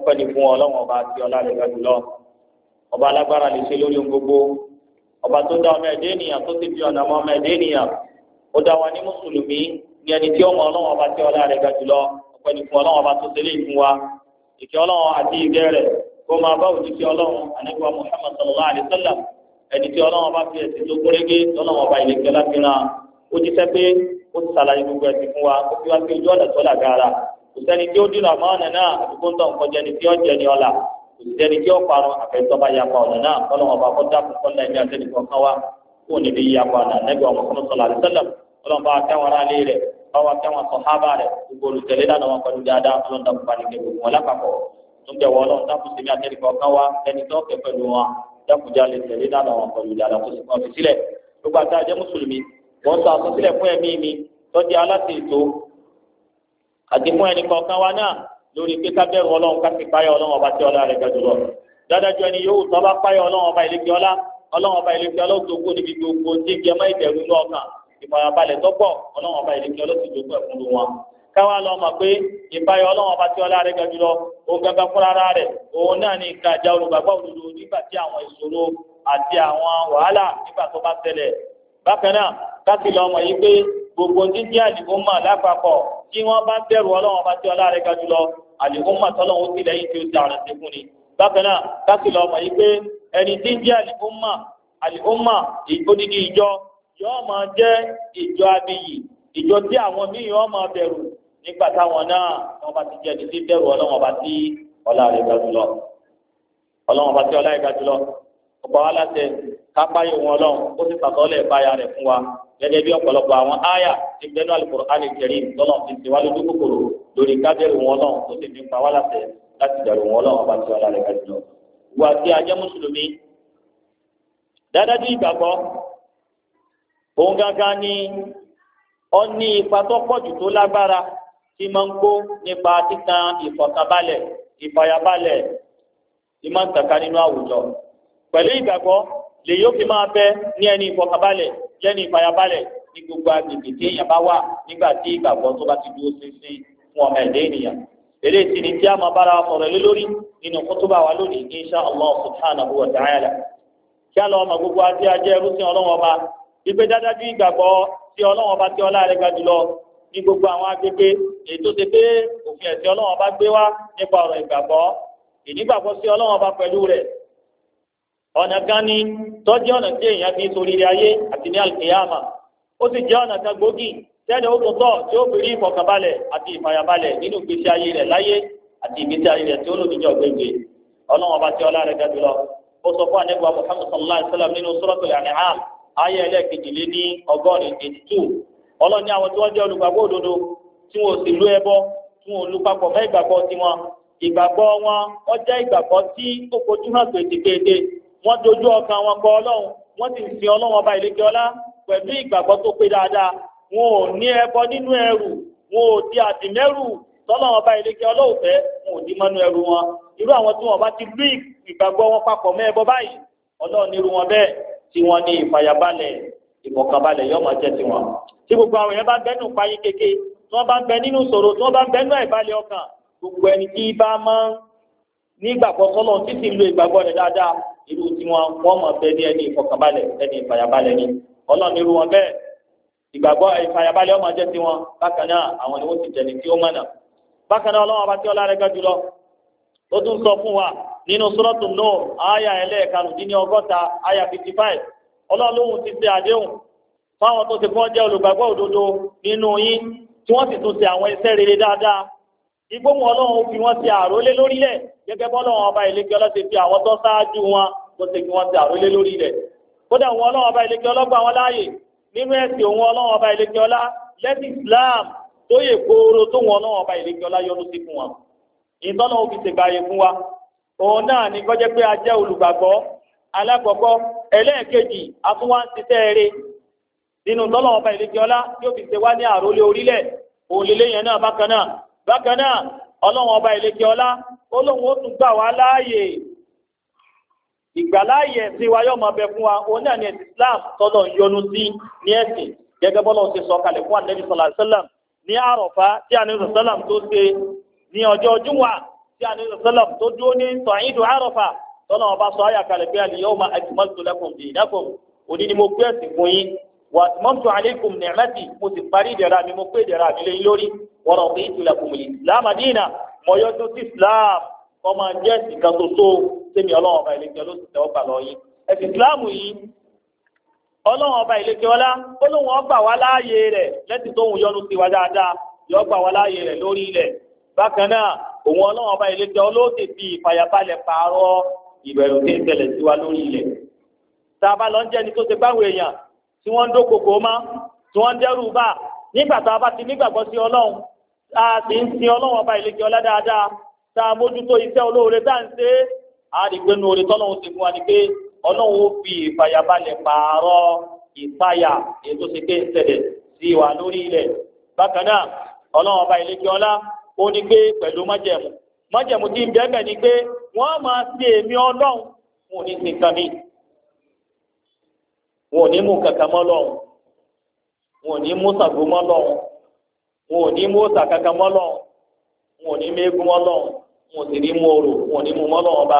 ọpẹ́ ni fún Ọlọ́run ọba àti ọlá rẹ̀ gbàgbé lọ ọba alágbára lè ṣe lórí ohun gbogbo ọba tó dá ọmọ ẹdẹ ènìyàn tó ti fi ọ̀nà ọmọ ẹdẹ ènìyàn ó dá wa ní mùsùlùmí ní ẹni tí ọmọ Ọlọ́run ọba àti ọlá rẹ̀ gbàgbé lọ ọpẹ́ ní fún Ọlọ́run ọba tó ṣe lè fún wa ìkẹ́ Ọlọ́run àti ìgẹ́ rẹ̀ kó máa bá òjijì Ọlọ́run ànígbà Muhammad sallallahu alayhi wa sallam ẹni tí Ọlọ́run ọba fi ẹ̀sìn tó kórégé tọ́lọ́run ọba ìlẹ̀kẹ́ láti ràn ó jíṣẹ́ pé ó ti ṣàlàyé gbogbo ẹ̀sìn fún wa ó fi wá sí ojú ọ̀nà tó làgàrà kò sẹ́ni tí ó dìrò àmọ́ ọ̀nà náà àdúgbò ń tàn kọjá ni tí ó jẹ ní ọ̀la kò sì sẹ́ni tí ó parun àfẹ́tọ́ba yapa ọ̀nà náà kọ́lọ́mọ bá kọ́ dákun kọ́lá ẹ̀mí àti ẹnìkan kan wá kó níbi yapa ọ̀nà nẹ́bí ọmọ kọ́mọ sọ̀lá àdìsẹ́lẹ̀m kọ́lọ́mọ bá kẹ́wọn rálé rẹ̀ báwa kẹ́wọn sọ̀hábà rẹ̀ gbogbo olùtẹ̀lé lánàá wọn pẹ̀lú dáadáa ọlọ́run dàkú bá nìkẹ́ gbogbo wọn lápapọ̀ tó ń bẹ̀ wọ́n ọlọ́run dàkú sí àti fún ẹnì kọ̀ọ̀kan wa náà lórí pé ká bẹ̀rù ọlọ́run ká sì páyọ̀ ọlọ́run ọba tí ọlá rẹ̀ ga jùlọ. dáadájú ẹni yóò tọ́ bá páyọ̀ ọlọ́run ọba ìlẹ́kẹ́ ọlá ọlọ́run ọba ìlẹ́kẹ́ ọlá tó kó níbi gbogbo tí ìjẹ mọ́ ìbẹ̀rù inú ọkàn ìfọ̀yàbalẹ̀ tọ́pọ̀ ọlọ́run ọba ìlẹ́kẹ́ ọlá tó jogún ẹ̀kún lu wọn. káwa lọ mọ̀ pé ìpáyọ̀ ọlọ́run ọba tí ọlá rẹ̀ ga jùlọ òun gangan lọ gbogbo jíjí àlìkúmà lápapọ̀ tí wọ́n bá bẹ̀rù ọlọ́run ọba tí ọlá rẹ̀ ga jùlọ àlìkúmà tọ́lọ́run ó sì lẹ́yìn tí ó da ọ̀rọ̀ sí fún ni. bákan náà káàkiri ọmọ yìí pé ẹni tí ń jẹ́ àlìkúmà àlìkúmà odidi ìjọ yóò máa jẹ́ ìjọ abiyì ìjọ tí àwọn míì yóò máa bẹ̀rù nígbà táwọn náà wọ́n bá ti jẹ́ ẹni tí bẹ̀rù ọlọ́run ọba tí ọlá rẹ̀ ga jùlọ. ọlọ́run ọba tí ọlá rẹ̀ ga jùlọ ọ̀pọ̀ gẹ́gẹ́ bí ọ̀pọ̀lọpọ̀ àwọn àyà ti gbẹ́nu Al-Qur'ani Al-Karim tọ́lọ̀ ti ti wá lójú kòkòrò lórí kábẹ́rù wọn náà tó sì fi pa wá láṣẹ láti dàrú wọn náà ọba tí wọn lálẹ́ ká jùlọ. wà á ti ajẹ́ mùsùlùmí dáadájú ìgbàgbọ́ òun gángan ni ó ní ipa tó pọ̀jù tó lágbára tí máa ń kó nípa títan ìfọ̀kànbalẹ̀ ìfàyàbalẹ̀ tí máa ń tàka nínú àwùjọ pẹ̀lú ìgbàgbọ́ lèyí ó fi máa bẹ ní ẹni ìfọkànbalẹ̀ lẹ́ni ìfàyàbalẹ̀ ní gbogbo agbègbè tí èèyàn bá wà nígbà tí ìgbàgbọ́ tó bá ti dúró ṣinṣin fún ọmọ ẹ̀dẹ́ ènìyàn èlé tí ni tí a máa bára sọ̀rọ̀ lé lórí nínú kútúbà wa lónìí insha allah subhanahu wa ta'ala kí a lọ ọmọ gbogbo àti ajẹ́ ẹrúsìn ọlọ́wọ́n ọba ìgbé dájú ìgbàgbọ́ tí ọlọ́wọ́n ọba tí ọlá rẹ̀ ga jùlọ ní gbogbo àwọn agbègbè èyí tó pé òfin ẹ̀sìn ọlọ́wọ́n ọba gbé wá nípa ọ̀rọ̀ ìgbàgbọ́ ìnígbàgbọ́ sí ọlọ́wọ́n ọba pẹ̀lú rẹ̀ ọ̀nà kan ni tọ́jú ọ̀nà tí èèyàn fi sórí ilé ayé àti ní alkiyama ó sì jẹ́ ọ̀nà kan gbòógì tẹ́lẹ̀ ó tó tọ̀ tí ó fìrí ìfọ̀kànbalẹ̀ àti ìfàyàbalẹ̀ nínú ìgbésí ayé rẹ̀ láyé àti ìgbésí ayé rẹ̀ tí ó lòdìjọ́ gbègbè ọlọ́run ọba tí ọlá rẹ̀ ga jùlọ ó sọ fún anẹ́gbà sallallahu alayhi wa sallam nínú ayé ẹlẹ́ẹ̀kejì lé ní ọgọ́rin eighty two ọlọ́run ní àwọn tí wọ́n jẹ́ olùgbàgbọ́ òdodo tí wọn sì lú ẹbọ tí papọ̀ wọ́n dojú ọkàn wọn kọ ọlọ́run wọ́n sì ń sin ọlọ́run ọba ìlékè ọlá pẹ̀lú ìgbàgbọ́ tó pé dáadáa wọn ò ní ẹbọ nínú ẹrù wọn ò di àdìmẹ́rù tọ́lọ́run ọba ìlékè ọlọ́ọ̀fẹ́ wọn ò ní mọ́nú ẹrù wọn irú àwọn tí wọn bá ti lú ìgbàgbọ́ wọn papọ̀ mọ́ ẹbọ báyìí ọlọ́run irú wọn bẹ́ẹ̀ tí wọ́n ní ìfàyàbalẹ̀ ìmọ̀kànbalẹ̀ yóò máa jẹ́ tiwọn tí gbogbo àwọn yẹn bá irú tí wọn wọn mọ bẹ ní ẹni ìfọkànbalẹ̀ ẹni ìfàyàbalẹ̀ ni Ọlọ́run irú wọn bẹ́ẹ̀ ìgbàgbọ́ ìfàyàbalẹ̀ ọmọ jẹ tiwọn bákan náà àwọn ni wọn ti jẹni tí ó mọnà bákan náà Ọlọ́run ọba tí ọlá rẹ̀ ga jùlọ ó tún sọ fún wa nínú sọlọtù Nur àyà ẹlẹẹkanùdínní ọgọ́ta àyà fifty five Ọlọ́run lóhùn ti ṣe àdéhùn fáwọn tó ti fọ́n jẹ́ olùgbàgbọ́ òdodo nínú yín tí wọ́n sì tún ṣe àwọn iṣẹ́ rere dáadáa ìgbóhùn Ọlọ́run fi wọ́n ṣe àrólé lórílẹ̀ gẹ́gẹ́ bọ́lọ́run ọba ìlẹ́kẹ́ ọlọ́sẹ̀ fi àwọn tó ṣáájú wọn tó ṣe kí wọ́n ti àrólé lórí rẹ̀ kódà òun ọlọ́run ọba ìlékè ọlọ́gbà wọn láàyè nínú ẹ̀sìn òun ọba ìlékè ọlá lẹ́sìn Islam tó yẹ kóró tó wọn ọba ìlékè ọlá yọnu sí fún wọn ìtọ́nà òfin ṣègbàyè fún wa òun náà pé a jẹ́ olùgbàgbọ́ alákọ̀ọ́kọ́ ẹlẹ́ẹ̀kejì ọba ìgbàláyè sí wa yóò máa bẹ fún wa òun náà ni ẹ̀sìn Islam tọ́lọ̀ ń yọ́nú sí ní ẹ̀sìn gẹ́gẹ́ bọ́lá ṣe sọ kalẹ̀ fún anabi sọlá sẹlẹm ní àròfá tí anabi sọlá tó ṣe ní ọjọ́ júwà tí anabi sọlá tó dúró ní sọ̀yìndù àròfá tọ́lọ̀ ọba sọ ayà kalẹ̀ bí alẹ́ yóò máa ẹ̀sìn mọ́tò lẹ́kùn dì lẹ́kùn òní ni mo gbé ẹ̀sìn fún yín wà mọ́tò aleikum ni'mati mo sì parí ìdẹ̀ra mi mo kọ́ máa jẹ́ ìkan ṣoṣo sẹ́mi ọlọ́run ọba ìlẹ́kẹ́ ló ti tẹ́ ọgbà lọ yìí ẹ̀sìn islam yìí ọlọ́run ọba ìlẹ́kẹ́ ọlá ó lóun ọgbà wá láàyè rẹ̀ lẹ́sìn tóun yọ́nú sí wa dáadáa yọ ọgbà wá láàyè rẹ̀ lórí ilẹ̀ bákan náà òun ọlọ́run ọba ìlẹ́kẹ́ ọlọ́ọ̀tẹ̀ fi ìfàyàbalẹ̀ pààrọ̀ ìbẹ̀rù tí ń tẹ̀lẹ̀ sí wa lórí ilẹ̀ tá a bá lọ ni tó ti báwọn èèyàn tí wọ́n ń dókòkò tá a mójútó iṣẹ́ olóore ń ṣe é a rí pé nuore tọ́lọ́hún ti fún wa ni pé ọlọ́run ó fi ìfàyàbalẹ̀ pààrọ̀ ìpayà ètò ṣe pé ń ṣẹlẹ̀ sí wa lórí ilẹ̀ bákan náà ọlọ́run ọba ilé kí ó ní pé pẹ̀lú ń bẹ́ẹ̀ ni pé wọ́n máa ṣe èmi ọlọ́run wọn ò ní kan mi wọn ò ní mú kankan mọ́ lọ́run wọn wọn ò ní mú eégún mọ́lọ́run wọn ò sì ní mú orò wọn ò ní mú mọ́lọ́run ọba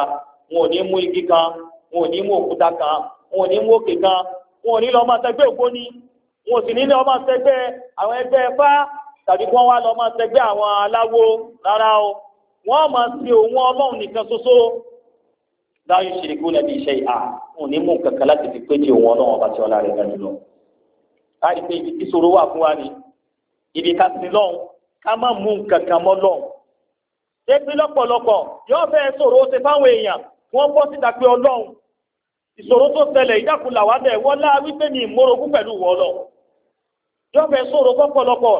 wọn ò ní mú igi kan wọn ò ní mú òkúta kan wọn ò ní mú òkè kan wọn ò ní lọ́ọ́ máa ṣẹgbẹ́ ògbóni wọn ò sì ní lọ́ọ́ máa ṣẹgbẹ́ àwọn ẹgbẹ́ ẹ̀fá tàbí kí wọ́n wá lọ́ọ́ máa ṣẹgbẹ́ àwọn aláwo rárá o wọ́n máa ṣe òun ọlọ́run nìkan ṣoṣo láyé ṣèlérí náà iṣẹ́ ìhà wọn ò ní mú kankan láti fi pé ti òun ọlọ́run ọba tí ọlá rẹ̀ ga jùlọ. láì pé ìṣòro wà fún wa ni ibi ká sin lọ́hùn ká má mú kankan mọ́ lọ́hùn débi lọ́pọ̀lọpọ̀ yóò fẹ́ ṣòro ṣe fáwọn èèyàn wọ́n bọ́ síta pé ọlọ́run ìṣòro tó ṣẹlẹ̀ ìdákùnlà wà bẹ́ẹ̀ wọ́n láà wípé ní ìmórogún pẹ̀lú wọ́ lọ yóò fẹ́ ṣòro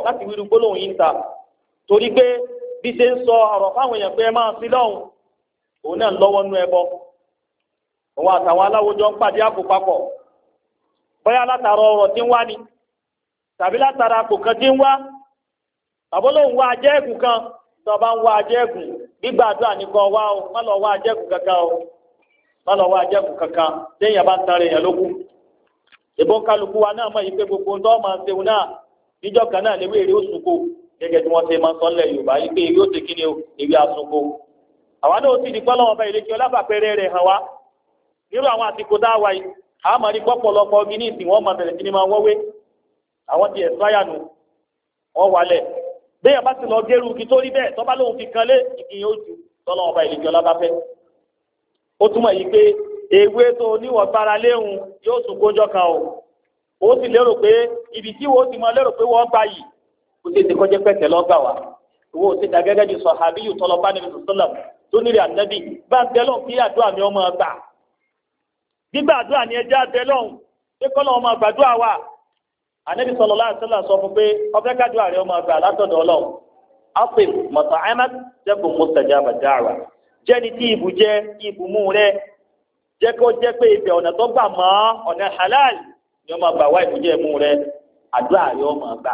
láti wíru gbólóhùn yìí ta torí pé bí ṣe ń sọ ọ̀rọ̀ fáwọn èèyàn pé ẹ máa sí lọ́hùn òun náà lọ́wọ́ nú ẹbọ òun àtàwọn aláwòjọ ń pàdé àpò papọ̀ bóyá látara tí ń ni tàbí tọba ń wá ajẹ́kùn gbígbàdúrà ní kan wá o má lọ wá ajẹ́kùn kankan o má lọ wá ajẹ́kùn kankan téèyàn bá ń tan lókù kálukú wa náà mọ̀ yìí pé gbogbo tó máa ń seun náà níjọ́ kan náà léwé èrè òsùnkò gẹ́gẹ́ bí wọ́n máa ń sọ nílẹ̀ Yorùbá yìí pé èrè òsè kí ni o èrè àsùnkò àwa náà ó sì ní pọ́lọ́wọ́n bá ìlẹ́kẹ́ ọlábàpẹ́rẹ́ rẹ̀ hàn wá àwọn tá a wà yìí àmọ́ ní pọ́pọ̀lọpọ̀ gíní ìsìn máa bẹ̀rẹ̀ sí ni máa wọ́wé àwọn ti nù wọ́n bẹ́ẹ̀ bá ti lọ gẹ́rù kí tó rí bẹ́ẹ̀ tọ́ba lòun fi kan lé ìkìyàn ojú tọ́lọ́ ọba ìlú ìjọba bá fẹ́. ó túmọ̀ yìí pé ewé tó níwọ̀ gbára léhùn yóò tún kójọ kan o ó sì lérò pé ibi tí wọ́n ti mọ lérò pé wọ́n gbà yìí kó sì ti kọjá pẹ̀tẹ̀ lọ́gbà wá owó ti dà gẹ́gẹ́ bí sọ̀hábíyù tọ́lọ bá níbi sọ́lọ̀ tó nílẹ̀ ànábì bá ń bẹ́ kí àdúrà mi ọmọ gbà ni ẹjẹ́ àbẹ́ lọ́hùn pé kọ́lọ́ ọmọ gbàdúrà wà anabi sallallahu alaihi wasallam sọ fún pé ọfẹ kájú ààrẹ ọmọ àgbà látọ̀dọ̀ Ọlọ́run afim mọta ahmed jẹkùn mustajaba da'wa jẹni tí ibù jẹ ibù mú rẹ jẹ kó jẹ pé ibẹ̀ ọ̀nà tó gbà mọ́ ọ̀nà halal ni ọmọ àgbà wá ibù jẹ mú rẹ àdúrà rẹ ọmọ àgbà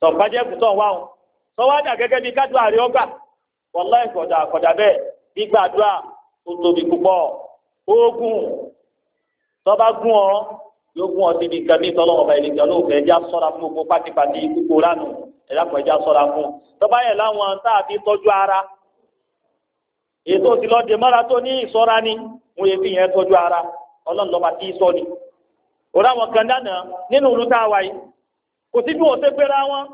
sọ̀bájẹ́ kù tọ̀ wá o sọ́wádà gẹ́gẹ́ bí kájú ààrẹ ọgbà wallahi kódà kódà yóò fún ọtí bíi nǹkan bíi tọ́lọ́wọ́ ọba ìlẹ̀kẹ́ olóògbé ẹja sọ́ra fún gbogbo pátipàti gbogbo ránù ẹja kọ ẹja sọ́ra fún tọ́ba yẹn láwọn tá a fi tọ́jú ara ètò ti lọ́ọ́ dèmọ́ra tó ní ìsọ́ra ni mo yẹ fi yẹn tọ́jú ara ọlọ́run lọ́ba tí ì sọ ni òrà wọn kan dáná nínú ìlú tá a wà yìí kò sí bí wọ́n ṣe gbéra wọn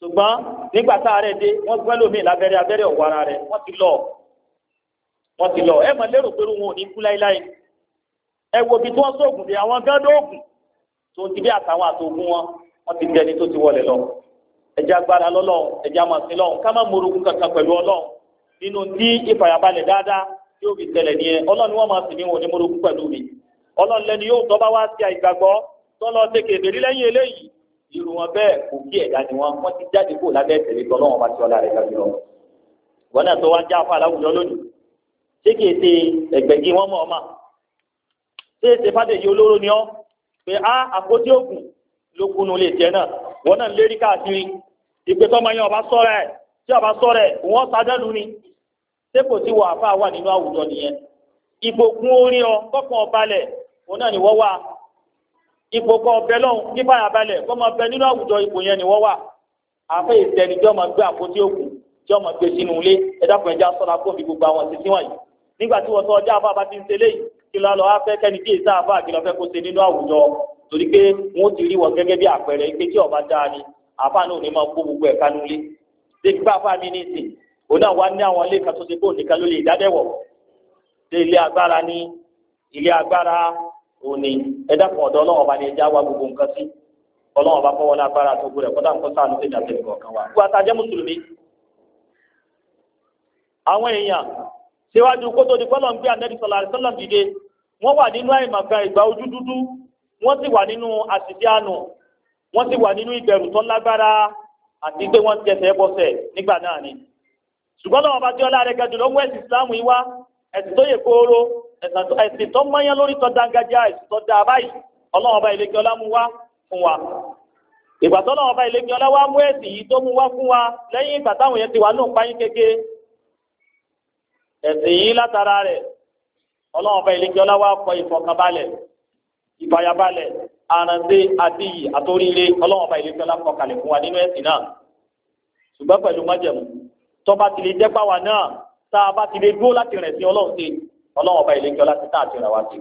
ṣùgbọ́n nígbà tá a rẹ̀ dé wọ́n gbẹ́ lómi lábẹ́rẹ́ abẹ́rẹ́ ọ̀wọ́ ẹ wo ibi tí wọ́n sóògùn dé àwọn gán lóògùn tó ti bí àtàwọn àtògùn wọn wọ́n ti dẹni tó ti wọlé lọ ẹjẹ́ agbára lọ́lọ́run ẹjẹ́ amọ̀sìn lọ́run ká má morogún kankan pẹ̀lú ọlọ́run nínú tí ìfàyàbalẹ̀ dáadáa tí ó fi tẹ̀lẹ̀ ní ẹ ọlọ́run ni wọ́n máa sìn mí wọn ní morogún pẹ̀lú mi ọlọ́run lẹ́ni yóò tọ́ bá wá sí àìgbàgbọ́ tọ́lọ́ ṣe kèbèrí lẹ́yìn eléyìí irú wọn bẹ́ẹ̀ kò kí ẹ̀dá ni wọn wọ́n ti jáde kó lábẹ́ tẹ̀lé tọ́lọ́wọ́n bá ti ọlá rẹ̀ kájú lọ. wọn náà tó wá já fún aláwùjọ lónìí ṣé kìí ṣe ẹgbẹ̀gí wọn mọ̀ ọ́ máa ṣé èsè fàdèyí olóró ni ọ́ pé á àpótí ògùn ló kunu lè jẹ náà wọn náà lérí káàkiri ìpè tọmọ yẹn ọba sọ̀rọ̀ ẹ tí ọba sọ̀rọ̀ ẹ wọn sadẹnu ni ṣé kò sí wọ àfa wà nínú àwùjọ nìyẹn ìgbòkun orin ọ kọkàn ọbalẹ òun náà ni wọ́n wà ipò kan ọbẹ̀ lọ́hùn nípa àbálẹ̀ kọ́ máa bẹ nínú àwùjọ ipò yẹn ni wọ́n wà àfẹ́ ìtẹni tí wọ́n máa gbé àpótí òkun tí wọ́n máa gbé sínú ilé ẹ̀dá kan ẹja sọ́ra kó fi gbogbo àwọn ṣiṣẹ́ wọ̀nyí nígbà tí wọ́n sọ ọjà àbá bá ti ń ṣe léyìí kí ló lọ afẹ́ kẹ́ni kí èsì àfa àkìlọ̀ fẹ́ kó ṣe nínú àwùjọ torí pé wọ́n ti rí wọn gẹ́gẹ́ bí àpẹẹrẹ pé tí ọba dáa ni àfa náà ò ní máa kó gbogbo ẹ̀ka nulẹ̀ ṣé gbígbá àfa mi ní ìsìn òun náà wá ní àwọn ilé kan tó ṣe bóun nìkan ló lè dádẹ́wọ̀ ṣé ilé agbára ní ilé agbára òní ẹ̀dá kan ọ̀dọ́ ọlọ́wọ́n bá ní ẹja wá gbogbo nǹkan sí ọlọ́wọ́n bá fọwọ́ lágbára kótó di kọ́lọ̀ ń gbé anẹ́bí sọ̀lá àrísọ́lá dìde wọ́n wà nínú àìmọ̀kan ìgbà ojú dúdú wọ́n sì wà nínú àṣìṣe àánú wọ́n sì wà nínú ìbẹ̀rù tó lágbára àti pé wọ́n tẹsẹ̀ bọ́sẹ̀ nígbà náà ni. ṣùgbọ́n lọ́wọ́ bá tí ọlá rẹ̀ gẹ̀dù lọ́wọ́ ẹ̀sìn islam yìí wá ẹ̀sìn tó yẹ kóró ẹ̀sìn tó mọ́yán lórí tó dángájá ẹ̀sìn tó dáa báyìí ọlọ́wọ́ bá ilé kíọlá mú wá fún wa. ìgbà tó lọ́wọ́ bá ilé kíọlá wá mú ẹ̀sìn yìí tó mú wá fún wa lẹ́yìn ìgbà táwọn yẹn ti wà lóun páyín kéke ẹ̀sìn yìí látara rẹ̀ ọlọ́run ọba ìlẹ́jọ́ ọláwà kọ ìfọkànbalẹ̀ ìfàyàbalẹ̀ àrànṣe àti iyì àtòríire ọlọ́run ọba ìlẹ́jọ́ ọlá kọ kalẹ̀ fún wa nínú ẹ̀sìn náà ṣùgbọ́n pẹ̀lú májẹ̀mú tọ́ba ti lè jẹ́ pàwà náà tá a bá ti lè dúró láti rẹ̀ sí ọlọ́run ṣe ọlọ́run ọba ìlẹ́jọ́ ọlá ti tá àti rà wá sí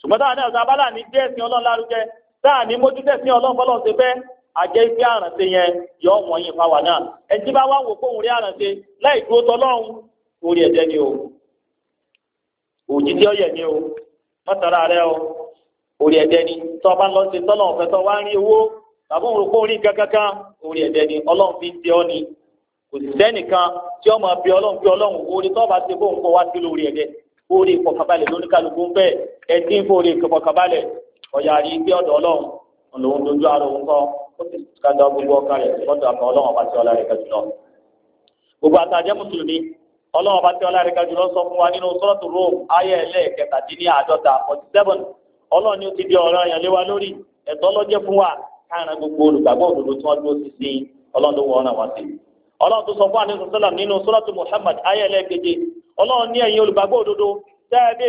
ṣùgbọ́n táwọn náà sábà láàní jẹ́ ẹ̀sìn ọlọ́run lárugẹ táàní mójútó ẹ̀sìn ọlọ́run bọ́lọ́ ṣe òjijì ọ̀yẹ̀ mi o mọ́tàrà rẹ o orí ẹ̀dẹ́ ni tọ́ ọba lọ sí tọ́lọ̀ ọ̀fẹ́ tọ́ wá ń rí owó tàbí òun o rí ni ọlọ́run fi ń tẹ ọ́ ni kò sì sẹ́nìkan tí ọmọ bí ọlọ́run bí ọlọ́run orí ti fóun kọ́ wá sí lórí ẹ̀dẹ́ orí ìfọ̀kànbalẹ̀ lóníkàlùkù ń bẹ́ẹ̀ ẹtí ń fòrí ìfọ̀kànbalẹ̀ ọ̀yà rí gbé ọlọ́run ọba tí ọlá rẹ̀ kájú lọ sọ fún wa nínú sọ́ọ̀tù Rome ayé ẹ̀lẹ́ kẹtàdínní àádọ́ta forty seven ọlọ́run ni ó ti di ọ̀rọ̀ yẹn lé wa lórí ẹ̀tọ́ lọ́jẹ́ fún wa káàrin gbogbo olùgbàgbọ́ òdodo tí wọ́n dúró sí sí ọlọ́run tó wọ ọ̀nà wá sí i ọlọ́run tó sọ fún àníṣe sọ́làm nínú sọ́ọ̀tù Muhammad ayé ẹ̀lẹ́ keje ọlọ́run ní ẹ̀yin olùgbàgbọ́ òdodo tẹ́ẹ̀dé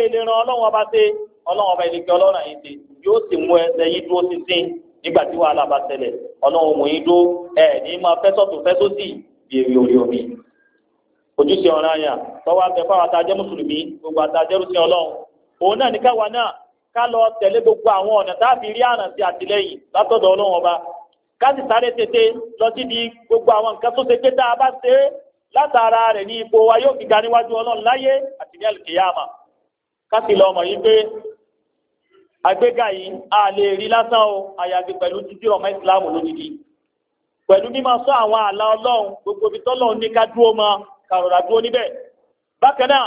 ilé ojúṣe ọ̀ràn yà tọ́wọ́ abẹ fáwọn atajẹ́ mùsùlùmí gbogbo atajẹ́ rúṣin ọlọ́run òun náà ní káwa náà ká lọ tẹ̀lé gbogbo àwọn ọ̀nà táàbí rí àràn sí àtìlẹ́yìn látọ̀dọ̀ ọlọ́run ọba ká sì sáré tètè lọ síbi gbogbo àwọn nǹkan tó ṣe pé tá a bá ṣe é látara rẹ̀ ní ipò wa yóò fi ga níwájú ọlọ́run láyé àti ní àlùkìyàmà ká sì lọ mọ̀ yí pé àgbéga yìí a lè rí lásán o àyàfi pẹ̀lú títí ọmọ ìsìláàmù lójijì pẹ̀lú mímọ sọ àwọn àlà ọlọ́run gbogbo ibi tọ́lọ́run ní ká dúró mọ́ kàrọ̀rà dúró níbẹ̀ bákan náà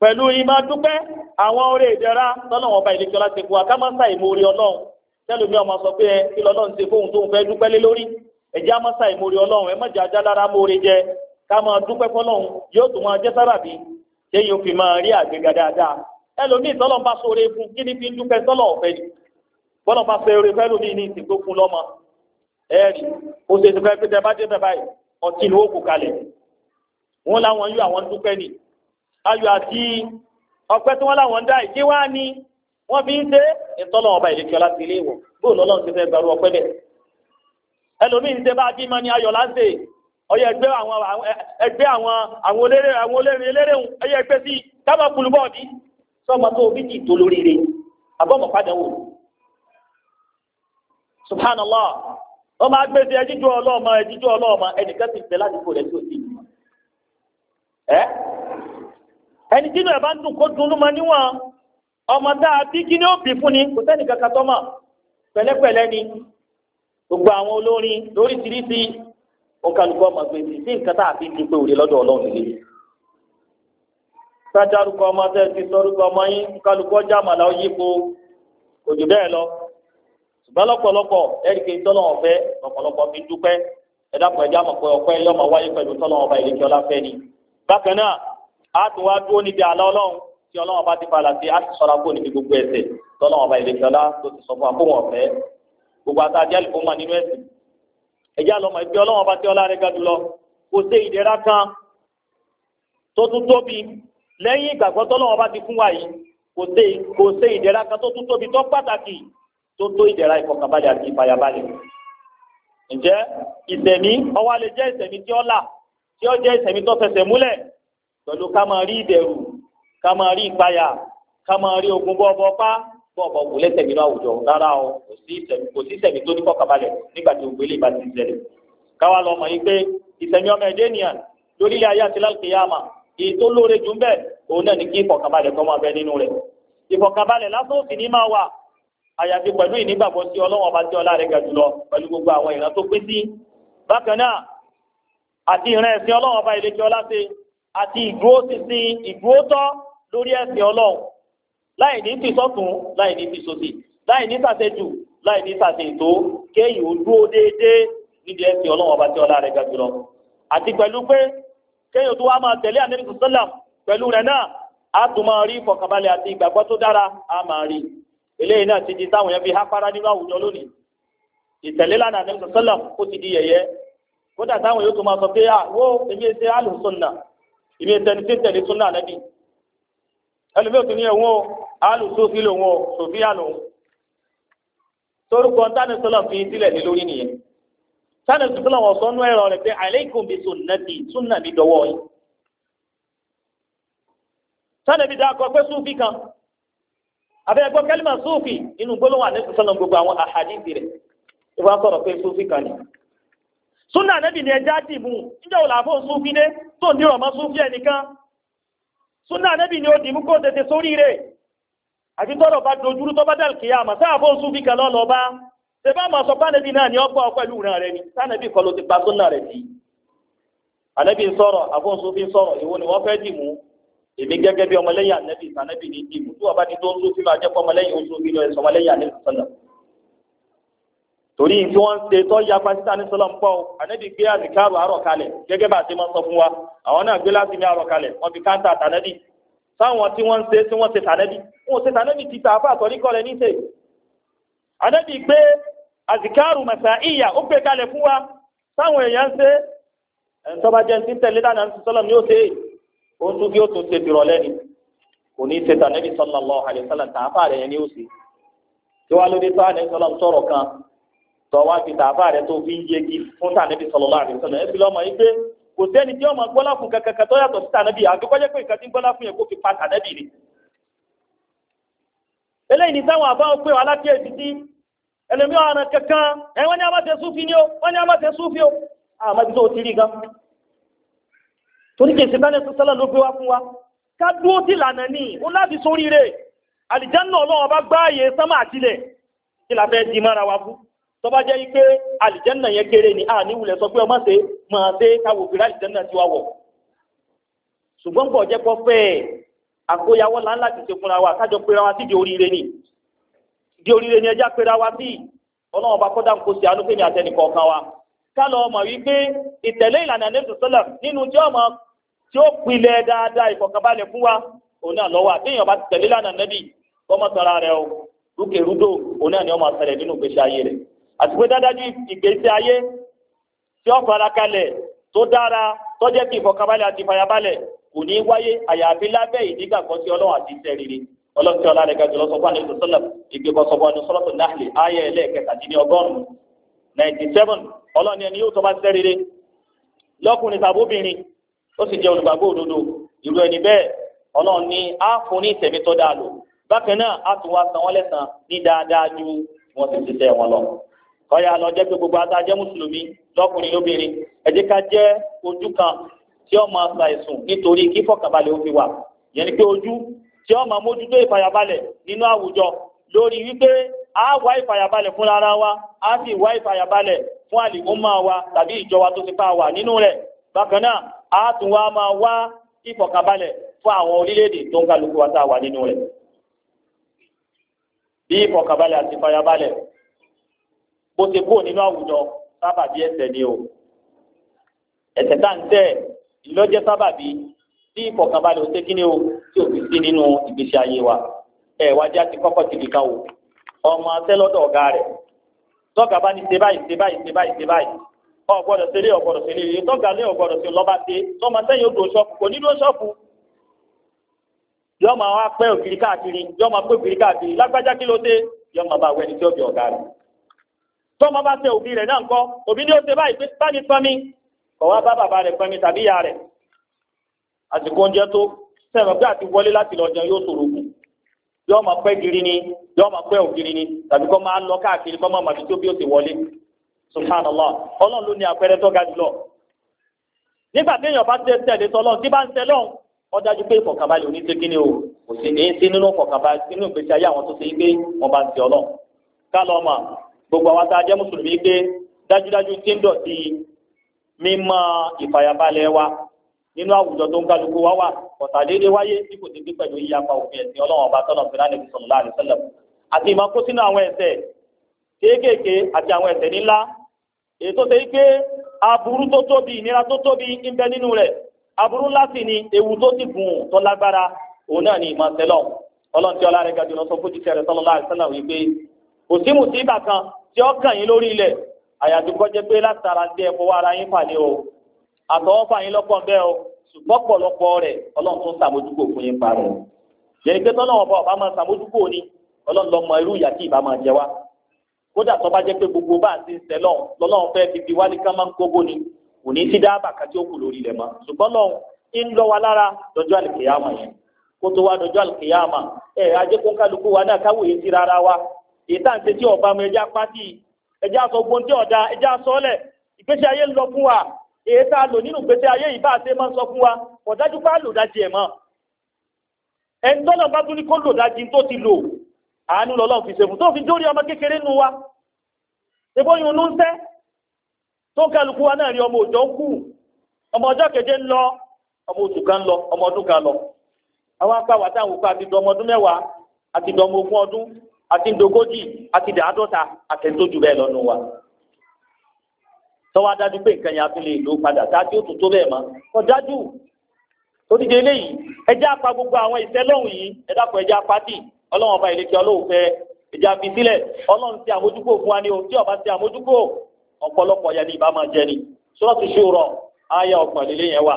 pẹ̀lú ìmọ̀ dúpẹ́ àwọn oore ìdẹ̀ra tọ́nà wọn bá ilé kí ọlá ti fún wa ká má ń sàì mórí ọlọ́run tẹ́lómi ọmọ sọ pé kí lọ́lọ́run ti fóun tóun fẹ́ dúpẹ́ lé lórí ẹ̀jẹ̀ á má sàì mórí ọlọ́run ẹ má jẹ́ ajá lára mórí jẹ ká máa dúpẹ́ fọlọ́run yóò tún máa jẹ́ sábàbí ṣé yóò fi máa rí àgbéga dáadáa ẹlòmíì tọ́lọ́ bá sóore fún kí ni fi ń dúpẹ́ tọ́lọ́ ọ̀fẹ́ ni bọ́lọ̀ bá fẹ́ oore fẹ́ lómi ní ìsìn tó fún lọ́mọ ẹ̀rí oṣù tó fẹ́ pété bá dé bẹ́ẹ̀ báyìí ọtí ni ó kù kalẹ̀ wọn láwọn yóò àwọn dúpẹ́ ni àti ọpẹ́ tí wọ́n láwọn dá ìdí wá wọ́n fi ń dé ìtọ́lọ̀ ọba ìlẹ́kẹ́ ọlá sílé ìwọ̀ bóòlù ọlọ́run ti fẹ́ gbàrú ọpẹ́ bẹ̀. ẹlòmíín ṣe bá bímọ ayọ̀ ẹgbẹ́ àwọn ẹgbẹ́ àwọn àwọn àwọn eléré ń ẹgbẹ́ sí kulu bọ́ọ̀dì sọ́mọ tó bí kì í tó àbọ̀mọ̀ padà wò. subhanallah ọmọ agbèsè ọlọ́ọ̀mọ ọlọ́ọ̀mọ ẹnìkan ti fẹ́ ẹ́ ẹni tí inú ẹ̀ bá ń dùn kó dunnú ma níwọ̀n ọmọ tá bí kí ni ó bí fún ni kò sẹ́ni kankan tó pẹ̀lẹ́pẹ̀lẹ́ ni gbogbo àwọn olórin lóríṣiríṣi òǹkàlùkọ́ ọmọ sí nǹkan tá a fi ń dúpẹ́ òde lọ́dọ̀ ọlọ́run ọmọ ti sọrúkọ ọmọ yín òjò bẹ́ẹ̀ lọ ṣùgbọ́n lọ́pọ̀lọpọ̀ ẹ̀ríkẹ́ bákan náà a tún wá dúró níbi àlá ọlọ́run tí ọlọ́run bá ti falà sí a ti sọ̀rọ̀ kó níbi gbogbo ẹ̀ṣẹ̀ tọ́lọ́run ọba ìlẹ̀kẹ́ ọlá tó ti sọ fún akóhùn ọ̀fẹ́ gbogbo àti àjálù fún wa nínú ẹ̀sìn ẹ̀jẹ̀ àlọ́mọ ìgbé ọlọ́run ọba tí ọlá rẹ̀ ga jùlọ kò sí ìdẹ̀ra kan tó tún tóbi lẹ́yìn ìgbàgbọ́ tọ́lọ́run ọba ti fún wa yìí kò sí ìdẹ̀ra kan tó tún tóbi tó pàtàkì tó tó ìdẹ̀ra ìfọkànbalẹ̀ àti ìfàyàbalẹ̀ ǹjẹ́ ìsẹ̀mí ọwọ́ alẹ́ jẹ́ ìsẹ̀mí tí ó là tí ó jẹ́ ìsẹ̀mí tó fẹsẹ̀ múlẹ̀ pẹ̀lú ká máa rí ìbẹ̀rù ká máa rí ìpayà ká máa rí ogun bọ́ọ̀bọ̀ pa bọ́ọ̀bọ̀ kò lẹ́sẹ̀mí ní àwùjọ rárá o kò sí ìsẹ̀mí tó ní kọ́kàbalẹ̀ nígbà tí ògbé lè bá ti ṣẹlẹ̀ káwa lọ mọ̀ yí pé ìsẹ̀mí ọmọ ẹ̀dẹ́ ènìyàn lórílẹ̀ ayé àti lálùkìyàmà èyí tó lóore jù ń bẹ̀ òun náà ní kí ìfọ̀kànbalẹ̀ kọ́ máa àti ìran ẹ̀sìn ọlọ́run ọba ìlẹ́kẹ́ ọlá ṣe àti ìdúró sísìn ìdúró tọ́ lórí ẹ̀sìn ọlọ́run láì ní ti sọ́tún láì ní ti sòsì láì ní sàṣejù láì ní sàṣe ètò kéèyàn ó dúró déédéé nídìí ẹ̀sìn ọlọ́run ọba tí ọlá rẹ̀ ga jùlọ àti pẹ̀lú pé kéèyàn tó wá máa tẹ̀lé ànábì sọ́làm pẹ̀lú rẹ̀ náà a tún máa rí ìfọ̀kànbalẹ̀ àti ìgbàgbọ́ tó dára a máa rí eléyìí náà ti di táwọn yẹn hápára nínú àwùjọ lónìí ìtẹ̀lé lánàá ànábì sọ́làm ó ti di yẹ̀yẹ́ kódà táwọn yóò tó máa sọ pé à ah, wó èmi ṣe alùsùnà èmi ṣe ẹni tí ń tẹ̀lé súnà lẹ́bi ẹlòmíì ò tún ní ẹ̀wọ̀n alùsùnfì lòun torúkọ táni sọlọ fi sílẹ̀ ní lórí nìyẹn táni sọlọ wọn sọ nú ẹ̀rọ rẹ̀ pé aleikum bi súnà yìí táni bi dákọ pé súnfì kan àbẹ̀yẹ̀gbọ́ kẹ́límà súnfì inú gbólóhùn àti sọlọ súnà nẹ́bì ni ẹjá dìbò níjẹ́ òlà fún súnfí dé tó ní ọmọ súnfí ẹnìkan súnà nẹ́bì ni ó dìbò kó tètè sórí rẹ̀ àti tọ́rọ̀ bá dojúrú tó bá dàlùkì yá àmọ́ sáà fún súnfí kan lọ́lọ́ bá ṣe bá mọ̀ sọ pánẹ́bì náà ni ọgbà pẹ̀lú ìran rẹ̀ ni sánẹ́bì kọ́ ló ti pa súnà rẹ̀ sí ànẹ́bì sọ̀rọ̀ àfún súnfí sọ̀rọ̀ èwo ni wọ́n fẹ́ dìbò èmi gẹ́gẹ́ bí ọmọlẹ́yìn ànẹ́bì sànẹ́bì ni dìbò tí wọ́n bá ti tó torí tí wọ́n ń ṣe tó ya pásítà ní sọlọ ń pọ̀ o ànábì gbé àzìkárò àárọ̀ kalẹ̀ gẹ́gẹ́ bá a ti máa sọ fún wa àwọn náà gbé láti mi àárọ̀ kalẹ̀ wọ́n fi káńtà tànẹ́bì sáwọn tí wọ́n ń ṣe tí wọ́n ṣe tànẹ́bì wọ́n ṣe tànẹ́bì ti tààfà àtọ̀ríkọ́ rẹ̀ níṣe. ànábì gbé àzìkárò màsà ìyà ó gbé kalẹ̀ fún wa sáwọn èèyàn ṣe ẹ̀ńtọ́ba jẹ́ ti tẹ̀lé tọ́wá fi tààfà rẹ tó fi ń yegi fún tànẹ́bí sallallahu alaihi wasallam ẹ lọ́mọ yìí pé kò sẹ́ni tí ọmọ gbọ́lá fún kankan tó yàtọ̀ sí tànẹ́bí àgbẹ̀kọ́jẹ́ pé nǹkan gbọ́lá fún yẹn kó fi pa tànẹ́bí ni. eléyìí ni táwọn àbá ń pè wá láti èsì sí ẹlẹ́mí ọ̀ràn kankan ẹ wọ́n ní amáṣe súnfì ni ó wọ́n ní amáṣe súnfì ó àmọ́ ti tó ti rí gan. torí kèsì bá nẹ́sọ̀ sọ́lá ló gbé wá fún wa ká dúró sí ìlànà ní ó láti sóríire àlìjáná la fẹ́ di tó bá jẹ́ pé àlìjẹ́nà yẹn kéré ni a ní wulẹ̀ sọ pé ọmọ ṣe máa ṣe káwọ òkèrè àlìjẹ́nà ti wá wọ̀ ṣùgbọ́n bọ̀ jẹ́ pọ́ àkóyawọ́ láńlá ti ṣe fúnra wa kájọ pera wa sí di oríire ni di oríire ni ẹjá pera wa sí ọlọ́run ọba kọ́dà ń kó sí àánú pé ní àtẹnìkọ̀ọ̀kan wa ká lọ mọ̀ wípé ìtẹ̀lé ìlànà ní sọ́sọ́là nínú tí ọmọ tí ó pilẹ̀ dáadáa ìfọ̀kànbalẹ̀ fún wa òun náà lọ́wọ́ àbíyàn bá ti tẹ̀lé ìlànà nẹ́bì kọ́mọ́sára rẹ̀ o rúkèrúdò òun náà ni ọmọ àṣẹlẹ̀ nínú ìgbésí ayé rẹ̀ àti pé dáadáa ju ìgbésí ayé tí ó fara kalẹ̀ tó dára tó jẹ́ kí ìfọ̀kànbalẹ̀ àti ìfàyàbalẹ̀ kò ní wáyé àyàfi lábẹ́ ìdígbàgbọ́ sí ọlọ́run àti iṣẹ́ rere ọlọ́run tí ọlá rẹ̀ ga jùlọ sọ fún àlejò sọ́lá ìgbébọ̀ sọ fún àlejò sọ́lá ayé ẹlẹ́ẹ̀kẹtàdínní ọgọ́rùn-ún ninety seven ọlọ́run ni ẹni yóò tó bá ṣiṣẹ́ rere lọ́kùnrin tàbóbìnrin ó sì jẹ́ olùgbàgbọ́ ni á ju wọ́n ti ọ̀yà lọ jẹ́ pé gbogbo ata jẹ́ mùsùlùmí lọ́kùnrin lóbìnrin ẹ jẹ́ ká jẹ́ ojú kan tí ó máa ṣàìsùn nítorí kí fọkànbalẹ̀ ó fi wà yẹn ni pé ojú tí ó máa mójútó ìfàyàbalẹ̀ nínú àwùjọ lórí wípé a wá ìfàyàbalẹ̀ fún ara wa a sì wá ìfàyàbalẹ̀ fún àlìkúnmọ́ wa tàbí ìjọba tó ti pa wà nínú rẹ̀ bákan náà a tún wá máa wá ìfọkànbalẹ̀ fún àwọn orílẹ̀-èdè tó ń kálukú wa tá a wà nínú rẹ̀ bí ìfọkànbalẹ̀ àti ìfàyàbalẹ̀ bó ti kúrò nínú àwùjọ sábàbí ẹ̀ṣẹ̀ ni o ẹ̀ṣẹ̀ tá à ń tẹ̀ ìlọjẹ sábàbí tí ìfọ̀kànbalẹ̀ ò ṣe kí ni o tí o fi sí nínú ìgbésí ayé wa ẹ wájú àti kọ́kọ́ ti nìkan o ọmọ asẹ lọ́dọ̀ ọ̀gá rẹ̀ tọ́gà bá ní ṣe báyìí ṣe báyìí ṣe báyìí ṣe báyìí ọgbọ́dọ̀ ṣe lé ọgbọ́dọ̀ ṣe lé tọ́gà lé ọgbọ́dọ̀ ṣe lọba ṣe tọmọ sẹ́yìn odò ṣọ́ọ̀fù kò nílò ṣọ́ọ̀fù yọmọ àwọn apẹ òkiri káàkiri yọmọ apẹ òkiri káàkiri lágbájá kí ló dé yọmọ bá wẹni tí ó bí ọ̀gá rẹ̀ tọ́mọ bá ṣe òbí rẹ̀ náà ń kọ́ òbí ni ó ṣe báyìí pé bá mi pọnmi kọ̀wá bá bàbá rẹ̀ pọnmi tàbí ìyá rẹ̀ àsìkò oúnjẹ tó sẹ́wọ̀n gbé àti wọlé láti lọ jẹun yóò ṣòro kù yóò máa pẹ́ giri ni yóò máa pẹ́ ògiri ni tàbí kọ́ máa lọ káàkiri kọ́ máa màbí tó bí ó ti wọlé subhanallah ọlọ́run ló ní àpẹẹrẹ tó ga jùlọ nígbà tí èèyàn bá tẹ tẹ̀lé tọ́lọ́run tí bá ń tẹ́lọ́ ọ dájú pé ìfọ̀kànbalẹ̀ òní ṣe o kò sí ní sí nínú ìfọ̀kànbalẹ̀ nínú ìgbésí ayé àwọn tó ṣe pé wọ́n bá ń tẹ ọlọ́run ká lọ́ọ́ mà gbogbo àwọn tá a jẹ́ mùsùlùmí pé dájúdájú tí ń dọ̀tí mímọ́ ìfàyàbalẹ̀ wa nínú àwùjọ tó ń kálukú wá wà ọ̀tàdédé wáyé tí kò òfin ẹ̀sìn ọlọ́run ọba tọ́nà fún lánàá ìbùsùn láàrin sẹ́lẹ̀ àti ìmọ̀ kó sínú àwọn kéékèèké àti àwọn nílá tó pé aburú tó tóbi ìnira tó tóbi ń bẹ nínú rẹ̀ aburú ńlá sì ni ewu tó sì gùn tó lágbára òun náà ni ìmọ̀ sẹ́lọ̀ ọlọ́run kò sí mùsíbà kan tí ó kàn yín lórí ilẹ̀ àyàfi kọjá pé látara tí ẹ fọwọ́ ara yín pàdé o àtọwọ́fà yín lọ́pọ̀ bẹ́ẹ̀ o ṣùgbọ́n pọ̀lọpọ̀ rẹ̀ ọlọ́run tó ń sàmójúkò fún yín parẹ́ yẹn pé tọ́lọ́wọ́n bá ọba máa sàmójúkò ni ọlọ́run lọ mọ irú ìyà tí ìbá máa jẹ wá kódà tó bá jẹ́ pé gbogbo bá àti ìṣẹ́ lọ́hùn lọ́lọ́run fẹ́ fi fi wálé ni kò ní sí dáàbà kan tí ó kù lórí ilẹ̀ mọ́ ṣùgbọ́n lọ́hùn ń lọ wa lára dọjọ́ àlùkìyàmà yẹn kó tó wá ìtànṣe tí ọba mu ẹja pátì ẹja sọ tí ọ̀dà ẹja sọ́ọ̀lẹ̀ ìgbésí ayé ń lọ fún wa èyí tá a lò nínú ìgbésí ayé yìí bá a ṣe máa ń sọ fún wa ọ̀dájú pa lò dájú ẹ̀ mọ́ ẹni tọ́lọ̀ bá tún ní kó lò dájú tó ti lò àánú lọ́lọ́ fi ṣe fún tó fi dórí ọmọ kékeré nu wa ìbóyún ló ń sẹ́ tó kálukú wa náà rí ọmọ òjò ń kú ọmọ ọjọ́ keje ń lọ ọmọ oṣù kan lọ ọmọ ọdún kan lọ àwọn apá wa táwọn àti dọmọ ọdún mẹ́wàá àti dọmọ ogún ọdún àti ndogójì àti dàádọ́ta àtẹ̀ntójú bẹ́ẹ̀ lọ́nu wa tọ́wọ́ adájú pé nǹkan yẹn a tún lè lò padà dájú tó tó bẹ́ẹ̀ mọ́ ọ dájú tó dídé eléyìí ẹjẹ́ apá gbogbo àwọn ìtẹ́lọ́hùn yìí ẹ dákun ẹjẹ́ apá tì ọlọ́run ọba ìlẹ́kẹ́ ọlọ́ọ̀fẹ́ ẹjẹ́ afi sílẹ̀ ọlọ́run ti àmójúkò fún wa ni o tí ọba ti àmójúkò ọ̀pọ̀lọpọ̀ yẹn ní ìbámu jẹ ni sọ́ọ̀tù ṣòro ayé ọ̀pọ̀lélẹ́ yẹn wà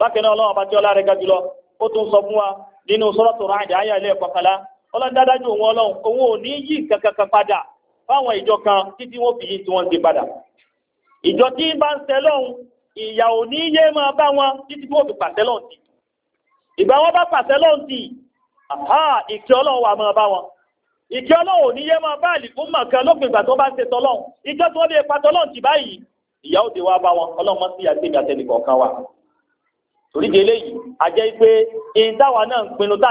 bákan náà ọlọ́run ọba tí ọlá rẹ̀ ga jùlọ ó tún sọ fún wa nínú sọ́ọ̀tù ráàdì ayé ẹlẹ́ẹ̀kọ́kànlá ọlọ́dádájú òun ọlọ́run òun ò ní yí kankan padà fáwọn ìjọ kan títí wọ́n fi yí tí wọ́n ti padà ìjọ tí ń bá ń ṣẹ lọ́hun ìyà ò ní yé máa bá wọn títí tí wọ́n fi pàṣẹ lọ́hun tì ìgbà wọn bá pàṣẹ lọ́hun tì àhá ìkẹ́ ọlọ́run wà máa bá wọn ìkẹ́ ọlọ́run ò ní yé máa bá àlìkú mọ̀ kan lópin ìgbà tó bá ń ṣe tọ́lọ́hun ìjọ tí wọ́n lè pa tọ́lọ́hun tì báyìí ìyà ó ti wá bá wọn ọlọ́run wa torí de eléyìí a jẹ́ pé ìyìn táwa náà ń pinnu tá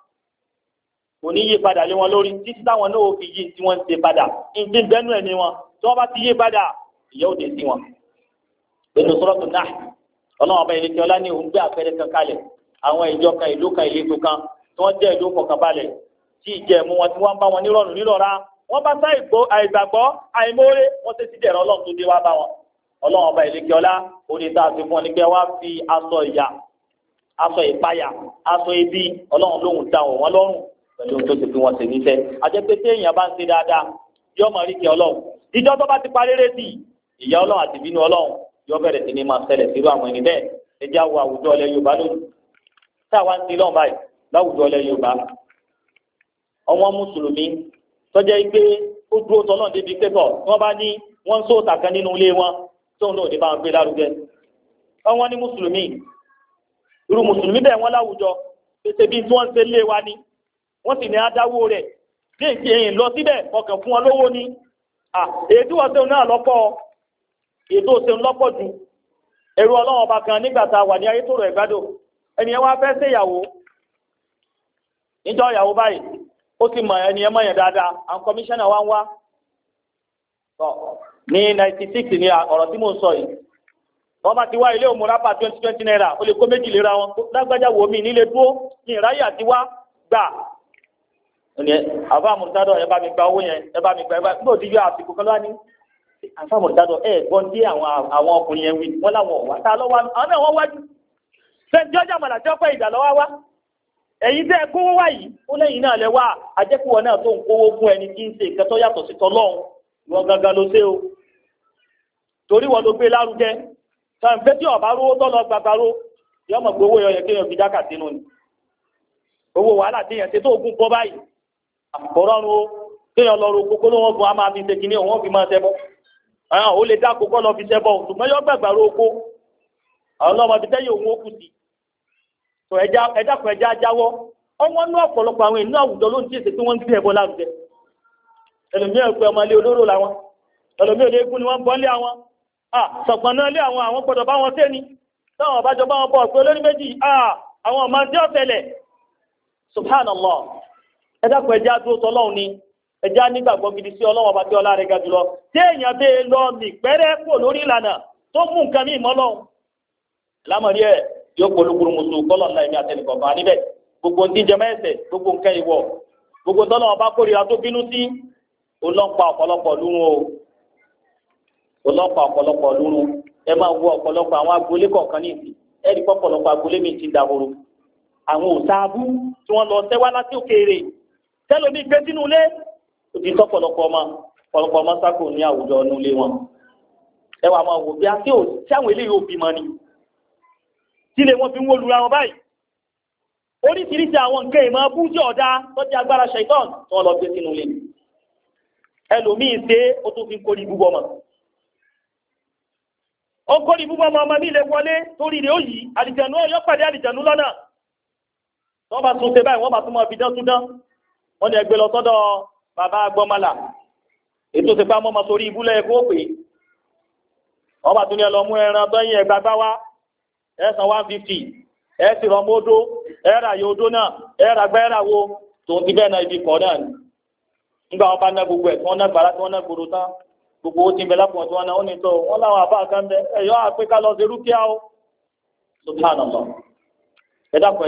kò ní yí padà lé wọn lórí títí táwọn náà fi yí tí wọ́n ń ṣe padà ìdí bẹ́nu ẹ̀mí wọn tí wọ́n bá ti yí padà ìyá òde sí wọn. pẹ̀lú sọ́rọ́tù náà ọlọ́run ọba ìrètí ọlá ní òun gbé àpẹẹrẹ kan kalẹ̀ àwọn ìjọ kan ìlú kan ìletò kan tí wọ́n jẹ́ ìlú fọkànbalẹ̀ tí ìjẹ̀mú wọn tí wọ́n bá wọn nírọ̀rùn nírọ̀ra wọ́n bá sá àìgbàgbọ́ àìmóore wọ́n ti sídẹ̀ ọlọ́run tó dé wá bá wọn ọlọ́run ọba ìlẹ́kẹ́ ọlá orí tá a ti fún ọ ní pé wá fi aṣọ ìyà aṣọ ìpayà aṣọ ibi ọlọ́run lóhùn dáhùn wọn lọ́rùn pẹ̀lú tó ti fi wọn ṣe níṣẹ́ àjẹpẹtẹ èèyàn bá ń ṣe dáadáa yọ ọmọ rí kí ọlọ́run ìjọ tó bá ti parí rédì ìyá ọlọ́run àti ìbínú ọlọ́run yọ bẹ̀rẹ̀ sí ni máa ṣẹlẹ̀ sírú àwọn ẹni bẹ́ẹ̀ ẹ jẹ́ àwọn àwùjọ ilẹ̀ Yorùbá lónìí táwa ń ti lọ́n báyìí láwùjọ ilẹ̀ Yorùbá ọmọ mùsùlùmí tọ́jẹ́ pé ó dúró tọ́lọ́ débi pẹ́tọ̀ wọ́n bá ní wọ́n ń sóòtà kan nínú ilé wọn tóun náà ní bá ń gbé lárugẹ wọ́n ní mùsùlùmí irú mùsùlùmí bẹ́ẹ̀ wọ́n láwùjọ pèsè bíi tí wọ́n ń ṣe lé wa ni wọ́n sì ní adáwó rẹ̀ ní n lọ síbẹ̀ ọkàn fún wọn lówó ni ètò náà lọ́pọ̀ ètò ọ̀sẹ̀ lọ́pọ̀ ju ẹ̀rù ọlọ́wọ́n ọba kan wà ní ayé tó ẹ̀gbádò ẹni yẹn wá báyìí ó sì mọ̀ ẹni yẹn dáadáa àwọn kọmíṣánná wa ń wá ní ní ọ̀rọ̀ tí mò sọ yìí wọ́n bá ti wá ilé twenty twenty naira ó lè ẹni àfa àmọ̀tádọ̀ ẹ bá mi gba owó yẹn ẹ bá mi gba ẹ bá níbo díjú àsìkò kan lónìí àfa àmọ̀tádọ̀ ẹ gbọ́n dé àwọn ọkùnrin yẹn wí wọ́n láwọn ọ̀wá tá lọ́wọ́ àwọn náà wọ́n wájú sẹ́ńtì ọjà màlà tí ọpẹ́ ìgbà lọ́wọ́ wá ẹ̀yin tẹ́ ẹ kówó wá yìí ó lẹ́yìn náà lẹ wá àjẹkùwọ náà tó ń kówó fún ẹni kí ń ṣe nǹkan tó yàtọ̀ sí tọlọ́run wọn gangan ló ṣe o torí wọn ló gbé lárugẹ tàǹfẹ́ tí ọ̀bá rówó tọ́ lọ gbàgbàró yọmọ̀ pé owó yọ yẹ kéèyàn fi dákà sínú ni owó wàhálà téèyàn ṣe tó àkọ́rọ́rùn o téèyàn lọ ro kókó lóun fún wa máa fi ṣe kínní òun fi máa ṣẹbọ ó o dá kókó lọ fi ṣẹbọ ṣùgbọ́n yọ gbàgbà ro àwọn ọmọ ibi tẹ́yìn òun ó kù sí tó ẹja kọ ẹja jáwọ́ ọmọ inú ọ̀pọ̀lọpọ̀ àwọn àwùjọ ló ń tí wọ́n ń gbé ẹbọ ẹlòmíràn pé olóró làwọn ẹlòmíràn eégún ni wọ́n bọ́ lé àwọn náà lé ẹ dákun ẹjá dúró tọlọ́run ni ẹjá nígbàgbọ́ gidi sí ọlọ́run bá tí ọlá rẹ̀ ga lọ tí èèyàn bẹ́ẹ̀ lọ mì pẹ́rẹ́ pò lórí ìlànà tó mú nǹkan mí lámọ̀rí ẹ̀ yóò polúkúrú musu kọ́lọ̀ ńlá ẹ̀mí bá níbẹ̀ gbogbo ní jẹmọ́ gbogbo nǹkan ìwọ̀ gbogbo ọba kórìíra tó bínú sí ọ̀pọ̀lọpọ̀ o tẹ́lómi gbé sínú ilé òtítọ́ pọ̀lọpọ̀ ọmọ pọ̀lọpọ̀ ọmọ sákò ní àwùjọ inú ilé wọn ẹ wà máa wò bí a tí àwọn eléyìí ò bímọ ni tí lè wọn fi ń wó lura wọn báyìí oríṣiríṣi àwọn nǹkan ìmọ̀ bújọ́ ọ̀dá tó ti agbára ṣẹ̀tọ́n tí wọ́n lọ gbé sínú ilé ẹlòmíì ṣe ó tún fi kórìí búbọ́ mọ́ ó kórìí búbọ́ mọ́ ọmọ mi lè wọlé torí rẹ̀ ó yí àlìjẹ̀nú ọ̀yọ́ pàdé àlìjẹ̀nú lọ́nà tí bá tún ṣe báyìí wọ́n bá tún mọ́ fi dán tún dán wọ́n ni ẹgbẹ́ lọ sọ́dọ̀ bàbá agbọ́mọlà ètò ìsìnkú àmọ́ ọmọ sórí ibú lẹ́yìn kó wọ́n bá tún ní ẹran tó ẹgbà wá one fifty ẹ sì odó yóò náà wo ti bẹ́ẹ̀ náà ibi kan náà ni nígbà wọn bá ná gbogbo ẹ̀ tí wọ́n ná gbàrà tí wọ́n ná gbòòrò tán gbogbo ó ti bẹ lápò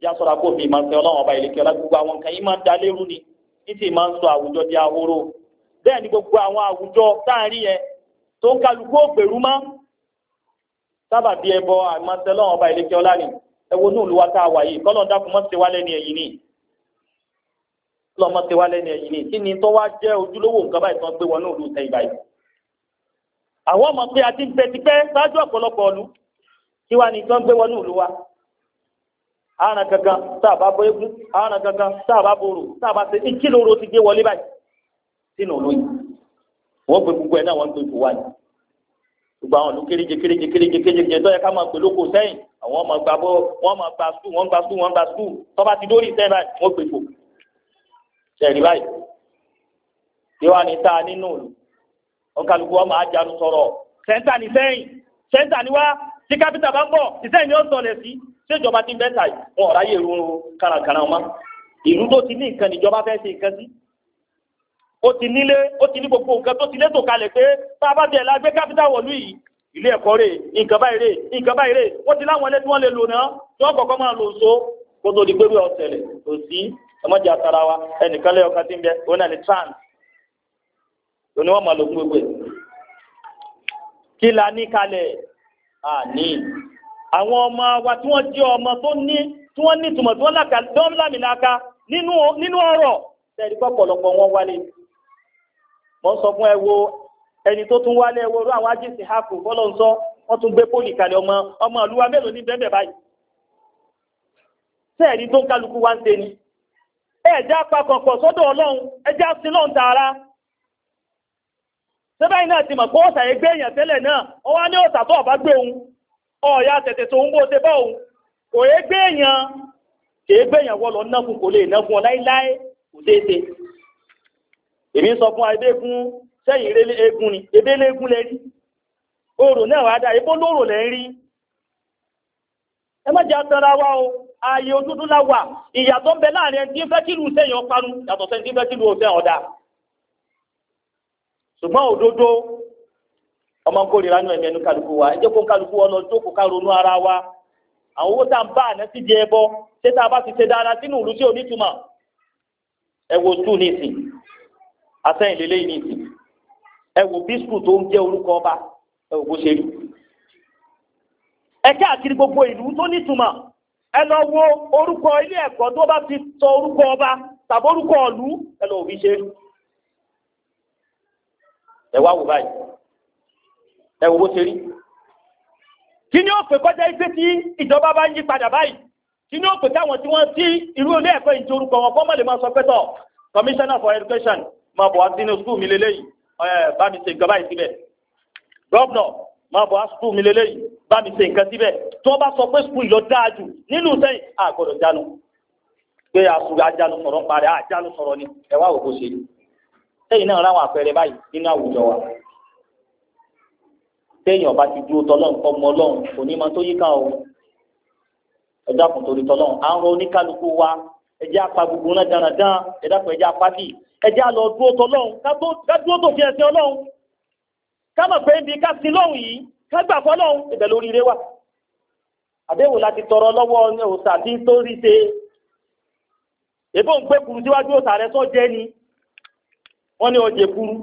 ìjà sọ̀rọ̀ àpò mi máa ń sẹ́ ọlọ́run ọba ìlẹ́kẹ́ ọlá gbogbo àwọn nǹkan yìí máa ń da lérú ni títí máa ń sọ àwùjọ di ahoro bẹ́ẹ̀ ni gbogbo àwọn àwùjọ táàrin yẹn tó ń kálukú òpèrú mọ́ sábà bí ẹbọ àmọ́sẹ́ ọlọ́run ọba ìlẹ́kẹ́ ọlá ni ẹ wo ní olùwà tá a wà yìí kọ́lọ́n dákun mọ́ ṣe wá lẹ́ni ẹ̀yìn ni kọ́lọ́n mọ́ ṣe wá lẹ́ni ẹ̀yìn ni kí ni tó wá jẹ́ ojúlówó nǹkan báyìí tó ń gbé wọn ní olú sẹ́yìn báyìí àwọn ọmọ pé a ti ń pẹ́ tipẹ́ ṣáájú ọ̀pọ̀lọpọ̀ ọ̀lú kí wá ní tó ń gbé wọn ní olú ara gangan tá a bá bọ egun ara gangan tá a bá borò tá a bá ṣe kí lóró ti gé wọlé báyìí sínú olóyè wọn gbé gbogbo ẹ náà wọn gbé gbogbo wa ni gbogbo àwọn olú kéréje kéréje kéréje kéréje tó yẹ ká máa pè lóko sẹ́yìn àwọn ọmọ gba bọ wọn máa gba sùkúù wọn gba sùkúù wọn gba sùkúù tọba ti dórí sẹ́yìn báyìí wọn gbé gbò sẹ́yìn báyìí yíwá ni tá a nínú ọkàlùkù wọn máa jánu sọ̀rọ̀ sẹ́ńtà ni sẹ́yìn sẹ́ńtà ni wá tí kápítà bá ń bọ̀ ìsẹ́yìn ni ó sọlẹ̀ sí ṣèjọba ti bẹ́ẹ̀ tàyè wọn ọ̀rá yẹ irun kàràkàrà wọn ìlú tó ti ní nǹkan níjọba fẹ́ ṣe nǹkan sí ó ti nílé ó ti ní gbogbo nǹkan tó ti létò kalẹ̀ pé bá a bá tẹ̀ lágbé káfíńtà wọ̀lú yìí ilé ẹ̀kọ́ rè nǹkan báyìí rè nǹkan báyìí rè ó ti láwọn ẹlẹ́tí wọ́n lè lò náà tí wọ́n kọ̀ọ̀kan máa lò so kó tó di pé bí ọ̀sẹ̀lẹ̀ kò sí ọmọdé àtàrà wa ẹnìkan lẹ́yọ̀kan ti ń bẹ òun náà ní trans òní máa lò fún gbogbo ẹ̀ kí la ní kalẹ̀ àní àwọn ọmọ wa tí wọ́n jẹ́ ọmọ tó ní tí wọ́n ní ìtumọ̀ tí wọ́n láka tí wọ́n lámìlaka nínú ọ̀rọ̀ tẹ̀rí pọ̀pọ̀lọpọ̀ wọn wálé mọ́ sọ fún ẹwo ẹni tó tún wálé ẹ rú àwọn ajínsì hapù bọ́lọ̀ wọ́n tún gbé pólì kalẹ̀ ọmọ ọmọ ìlú wa mélòó ní bẹ́ẹ̀ báyìí tẹ̀rí tó ń kálukú wá ń ṣe ni ẹ̀já papọ̀pọ̀ ọlọ́run sí lọ́n tààrà náà ti mọ̀ pé ọ̀sà èèyàn tẹ́lẹ̀ náà wọ́n wá ní ọ̀sà tó ọ̀bá gbé òun ọ̀yá tẹ̀tẹ̀ tó ń bó ṣe bá òun kò é gbé èèyàn kò é gbé èèyàn wọ́lọ̀ náàkùn kò lè náàkùn láíláí kò ṣeé ṣe èmi sọ fún adégún sẹ́yìn rélé egun ni ebélé egun lẹ rí náà ebó ẹ má jẹ́ wa o ààyè òdúdú la wà ìyàtọ̀ ń bẹ láàrin ẹni tí ń fẹ́ kí sẹ́yìn ọparun yàtọ̀ sẹ́ni tí ń fẹ́ kí ìlú ọ̀sẹ̀ ọ̀dà ṣùgbọ́n òdodo ọmọ ń kórìíra nù ẹ̀mí ẹnu kálukú wa ẹ jẹ́ kó kálukú wọn lọ jókòó ká ronú ara wa àwọn owó tá à ń bá àná sí di ẹbọ ṣé tá a bá ti ṣe dáadáa sínú ìlú tí ò nítumọ̀ ẹ wo sùn ní ìsìn àsẹ́yìn lélẹ́yìn ní ìsìn ẹ wo tó ń jẹ́ orúkọ ọba ẹ bó ṣe rí ẹ káàkiri gbogbo ìlú tó nítumọ̀ ẹ lọ wo orúkọ ilé ẹ̀kọ́ tó bá ti sọ orúkọ ọba tàbí orúkọ ìlú ẹ lọ òbí ṣe rí ẹ wá wò báyìí ẹ wo bó ṣe rí kí ni ó pè kọjá ife tí ìjọba bá ń yí padà báyìí kí ni ó pè káwọn tí wọ́n tí irú ilé ẹ̀kọ́ yìí torúkọ wọn kọ́mọ̀lé máa sọ pẹ́tọ̀ commissioner for education máa bọ̀ wá sínú skul mi lélẹ́yìí bá mi ṣe nǹkan báyìí síbẹ̀ governor máa bọ̀ wá skul mi lélẹ́yìí bá mi ṣe nǹkan síbẹ̀ tí wọ́n bá sọ pé skul lọ dáa jù nínú sẹ́yìn àgọ́dọ̀ jánu pé àsùnwó ajánu sọ̀rọ̀ parí àjánu sọ̀rọ̀ ni ẹ wá òkú ṣe téèyàn bá ti dúró tọlọ́run ọmọ ọlọ́run onímọ̀ tó yíká o ẹjọ́ àpò torí tọlọ́run à ń rọ oníkálukú wa ẹjẹ́ apá gbogbo náà dáradára ẹjẹ́ àpò ẹjẹ́ apá bì ẹjẹ́ àlọ́ dúró tọlọ́run ká dúró tó fi ẹsẹ̀ ọlọ́run ká mọ̀ pé ibi ká sin lọ́hùn yìí ká gbà fọlọ́run ibẹ̀ lórí ire wa àdéhùn láti tọrọ lọ́wọ́ òòsà tí ń tó rí ṣe èbó ń gbé kuru síwájú òòsà rẹ sọ jẹ́ ni wọ́n ní ọjẹ́ kuru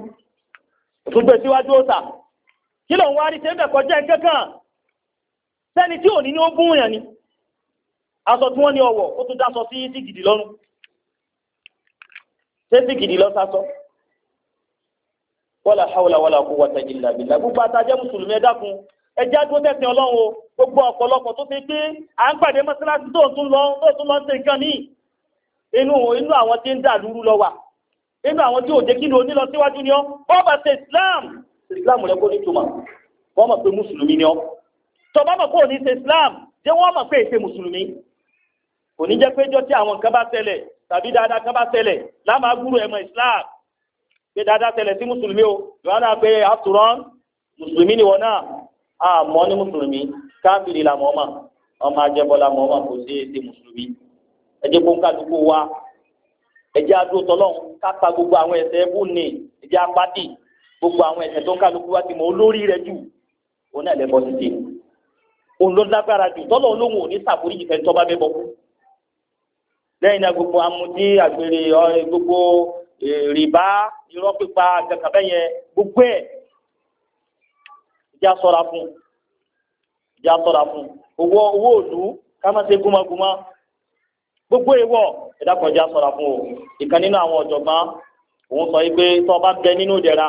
òtún gbé síwájú òòsà kí ló ń wá rí ṣe ń bẹ̀ kọjá kankan sẹ́ni tí ò ní ní ó gún èèyàn aṣọ tí wọ́n ní ọwọ́ ó tún dáṣọ sí sí gidi lọ́nu ṣé sí gidi lọ sásọ wala hawla wala quwwata illa billah gbogbo àtàjẹ́ mùsùlùmí ẹ dákun ẹjẹ́ àdúró tẹ̀sìn ọlọ́run o gbogbo ọ̀pọ̀lọpọ̀ tó fi pé à ń pàdé mọ́sálásí tó tún lọ tó tún lọ ń ṣe nǹkan míì inú inú àwọn tí ń dà lúrú lọ wà inú àwọn tí ò jẹ́ kí ni onílọ síwájú ni ọ́ bọ́ọ̀bà ṣe Islam islam rẹ kó ní túmọ̀ wọ́n mọ̀ pé mùsùlùmí ni ọ́ tó bá mọ̀ pé ò ṣe islam jẹ́ wọ́n mọ̀ pé èsè mùsùlùmí kò ní jẹ́ pé jọ́ tí àwọn nǹkan bá ṣẹlẹ̀ tàbí dáadáa kan bá ṣẹlẹ̀ láàmú agbúrò ẹ̀mọ islam pé dáadáa ṣẹlẹ̀ sí mùsùlùmí o ìwà náà pé àtúrọ́n mùsùlùmí ni wọ́n náà àmọ́ ní mùsùlùmí káfíìrì làmọ́ mà ọmọ ajẹ́bọ́ làmọ́ mà kò sí èsè mùsùlùmí ẹ jẹ́ kó ń kálukú wa ẹ jẹ́ adó tọ́lọ́ kápá gbogbo àwọn ẹ̀ṣẹ̀ tó ń kálukú wá ti mọ olórí rẹ̀ jù òun náà lẹ́bọ̀ ti dé òun ló lágbára jù tọ́lọ̀ olóhùn òní sàforíjì fẹ́ tọ́ba bẹ́ bọ́ fún lẹ́yìn náà gbogbo amúdí àgbèrè gbogbo e, rìbá irọ́ pípa àgbàkàbẹ́ yẹn gbogbo ẹ̀ ìjà sọ́ra fún ìjà sọ́ra fún owó owó òlú ká má gbogbo ìwọ̀ ẹ̀dá kan ìjà sọ́ra fún o ìkan nínú àwọn ọ̀jọ̀gbọ́n òun sọ yìí pé tọ́ bẹ nínú ìdẹ̀ra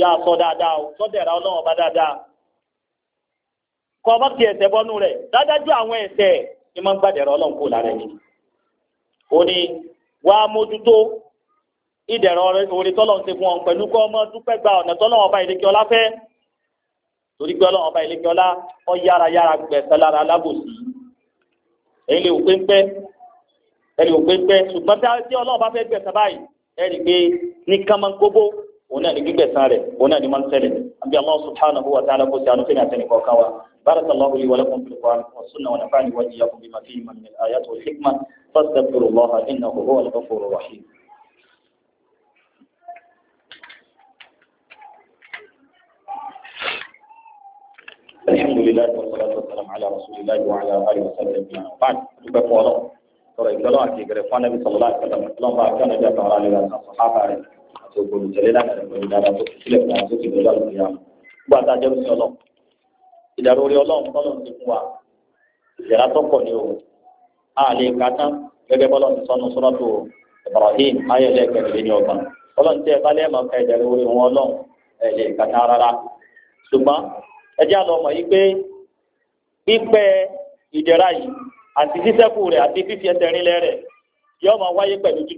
yà sọ dáadáa o sọ dẹ̀ra ọlọ́run ọba dáadáa kọ ọba tiẹ̀ ẹsẹ̀ bọ́nú rẹ̀ dájájú àwọn ẹsẹ̀ ni máa ń gbàdẹ̀ra ọlọ́run kó lára ẹni ó ní wàá mójútó ìdẹ̀rọ̀ orí tọ́lọ̀ ń ṣe fún ọ pẹ̀lú kọ́ ọmọ dúpẹ́ gba ọ̀nà tọ́lọ̀ ọba ìlékè ọlá fẹ́ torí pé ọlọ́run ọba ìlékè ọlá ọ yára yára gbẹ̀sẹ̀ lára alábòsí èyí lè wò ń pẹ́ ẹni ò pé ń pẹ́ ṣùgbọ́n òun náà ni gbígbẹ̀sán rẹ̀ òun náà ni máa ń ṣẹlẹ̀ àbí Allah subhanahu wa ta'ala kó sí àánú fẹ́mi àtẹnì kọ̀ọ̀kan wa barakallahu li wa lakum fil Qur'an wa sunna wa nafa'ani wa iyyakum bima fihi min al-ayati wal hikma fastaghfirullaha innahu huwal ghafurur rahim. الحمد لله والصلاة والسلام على رسول الله وعلى آله وصحبه أجمعين وبعد dúpẹ́ fún Ọlọ́run tọrọ ìgbọlọ àti ìgbẹrẹ fún Ànábì sallallahu alaihi wasallam lọba akẹnẹjẹ tọrọ àlejò àti sàhábà rẹ̀ àti ògbóló tẹ̀lé láti ẹ̀kọ́ dára tó fi sílẹ̀ fún àtúntò ìdọ́lá ìgbéyà gbogbo àti àjẹmú ọlọ́run ìdàrú orí ọlọ́run tọ́lọ̀ ti fún wa ìjẹ́ra tó pọ̀ ní o a lè ka tán gẹ́gẹ́ ti Ibrahim ní ọgbà ọlọ́run tẹ́ ẹ bá lẹ́ẹ̀mọ́ ka ìdàrú orí wọn ọlọ́run ẹ lè ka tán rárá ṣùgbọ́n ẹ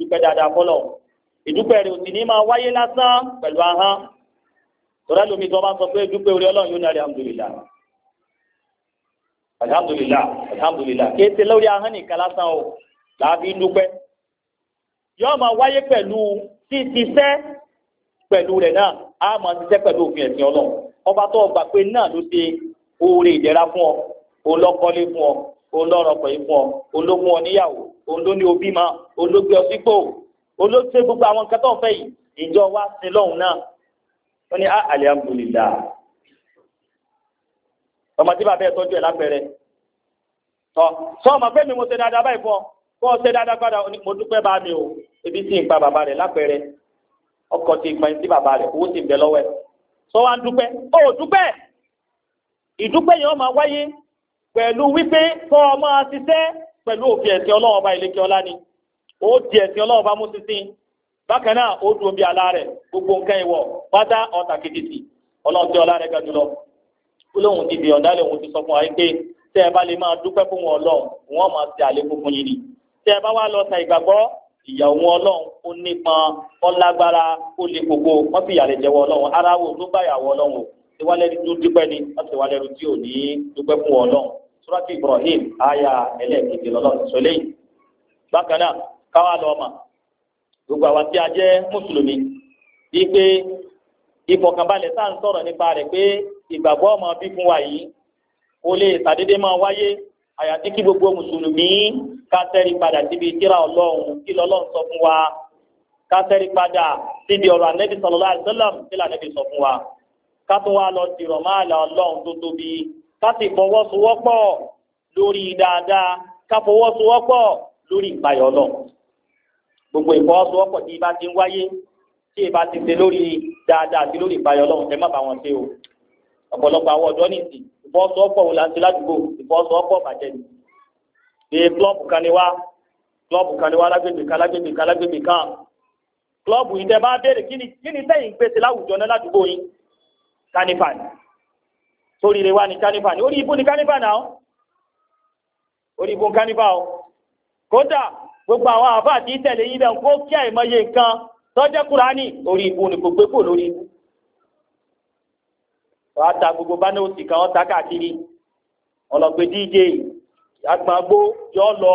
jẹ́ àlọ́ ìdúpẹ́ rẹ̀ ò sì ní máa wáyé lásán pẹ̀lú ahọ́n tọ́lá lómi tó bá sọ pé dúpẹ́ orí ọlọ́run yóò ní alihamudulilá alihamudulilá alihamudulilá kéésì lórí ahọ́n nìkan lásán o làbí dúpẹ́ yóò máa wáyé pẹ̀lú ṣíṣiṣẹ́ pẹ̀lú rẹ̀ náà á máa ṣiṣẹ́ pẹ̀lú òfin ẹ̀sìn ọlọ́run ọba tó ọgbà pé náà ló ṣe oore ìdẹ̀ra fún ọ òun fún ọ òun pẹ̀lú fún ọ òun ọ níyàwó òun ló ní òbí olóṣèlú gbogbo àwọn nǹkan tó ń fẹ́ yìí ìjọ wa sin lọ́hùn náà wọ́n ní ah, alihamudulila ọmọ tí bàbá ẹ̀ tọ́jú ẹ̀ lápẹ̀rẹ̀ tọ́ sọ ọmọ pé mi mo ṣe dáadáa báyìí fún ọ kó o ṣe dáadáa padà mo dúpẹ́ bá mi o ebi sì ń pa bàbá rẹ̀ lápẹ̀rẹ̀ ọkọ̀ ti gbọ̀n sí bàbá rẹ̀ owó sì ń lọ́wọ́ ẹ̀ sọ wa ń dúpẹ́ ó dúpẹ́ ìdúpẹ́ yẹn máa wáyé pẹ̀lú wípé kọ́ ọ máa ṣiṣẹ́ pẹ̀lú òfin ẹ̀sìn ọlọ́wọ́ ọba ìlẹ́kẹ́ ọlá ni ó di ẹ̀sìn ọlọ́run bá mú sísìn bákan náà ó ala rẹ̀ gbogbo nǹkan ìwọ̀ pátá ọ̀tà kìtìtì ga jùlọ ó lóun ti bìyànjú àlẹ́ òun ti sọ fún wa pé tẹ́ ẹ bá lè máa dúpẹ́ fún wọn ọlọ́run wọn máa fún yín ni tẹ́ ẹ bá wá lọ ta ìgbàgbọ́ ìyàwó gbogbo wọn fi ìyàlẹ̀ jẹ́wọ́ ọlọ́run ara wo ló o káwá lọ mà gbogbo àwa tí a jẹ́ mùsùlùmí bíi pé ìfọ̀kànbalẹ̀ tá à ń sọ̀rọ̀ nípa rẹ̀ pé ìgbàgbọ́ ọmọ bí fún wa yìí kò lè ṣàdédé máa wáyé àyàtí kí gbogbo mùsùlùmí ká tẹ́rí padà síbi tírà ọlọ́run kí lọ́lọ́run sọ fún wa ká tẹ́rí padà síbi ọ̀rọ̀ ànẹ́bí sallallahu alaihi wasallam kí lànẹ́bí sọ fún wa ká tún wá lọ dìrọ̀ máa là ọlọ́run tó tóbi ká sì fọwọ́sowọ́pọ̀ lórí dáadáa ká fọwọ́sowọ́pọ̀ lórí ìpayọ̀ ọlọ́run gbogbo ìfọwọ́sowọ́pọ̀ tí ibà ti ń wáyé tí ibà ti ṣe lórí dáadáa àti lórí ìpayọ̀ ọlọ́run ẹ má wọn ṣe o ọ̀pọ̀lọpọ̀ àwọn ọ̀dọ́ nìsín ìfọwọ́sowọ́pọ̀ wò láti ládùúgbò ìfọwọ́sowọ́pọ̀ bàjẹ́ ni. ní klọ́ọ̀bù kan ni wá klọ́ọ̀bù kan ni wá lágbègbè kan lágbègbè kan lágbègbè kan klọ́ọ̀bù yìí tẹ bá béèrè kí ni sẹ́yìn gbèsè láwùjọ kódà gbogbo àwọn àfa àti tẹ̀lé yín bẹ́ẹ̀ kó kí àìmọye nǹkan tọ́jẹ́ kúránì orí ibu nìkò kò kò lórí ibu. wàá ta gbogbo kan ta káàkiri ọlọ́gbẹ́ dj agbọ̀ngbò yọ lọ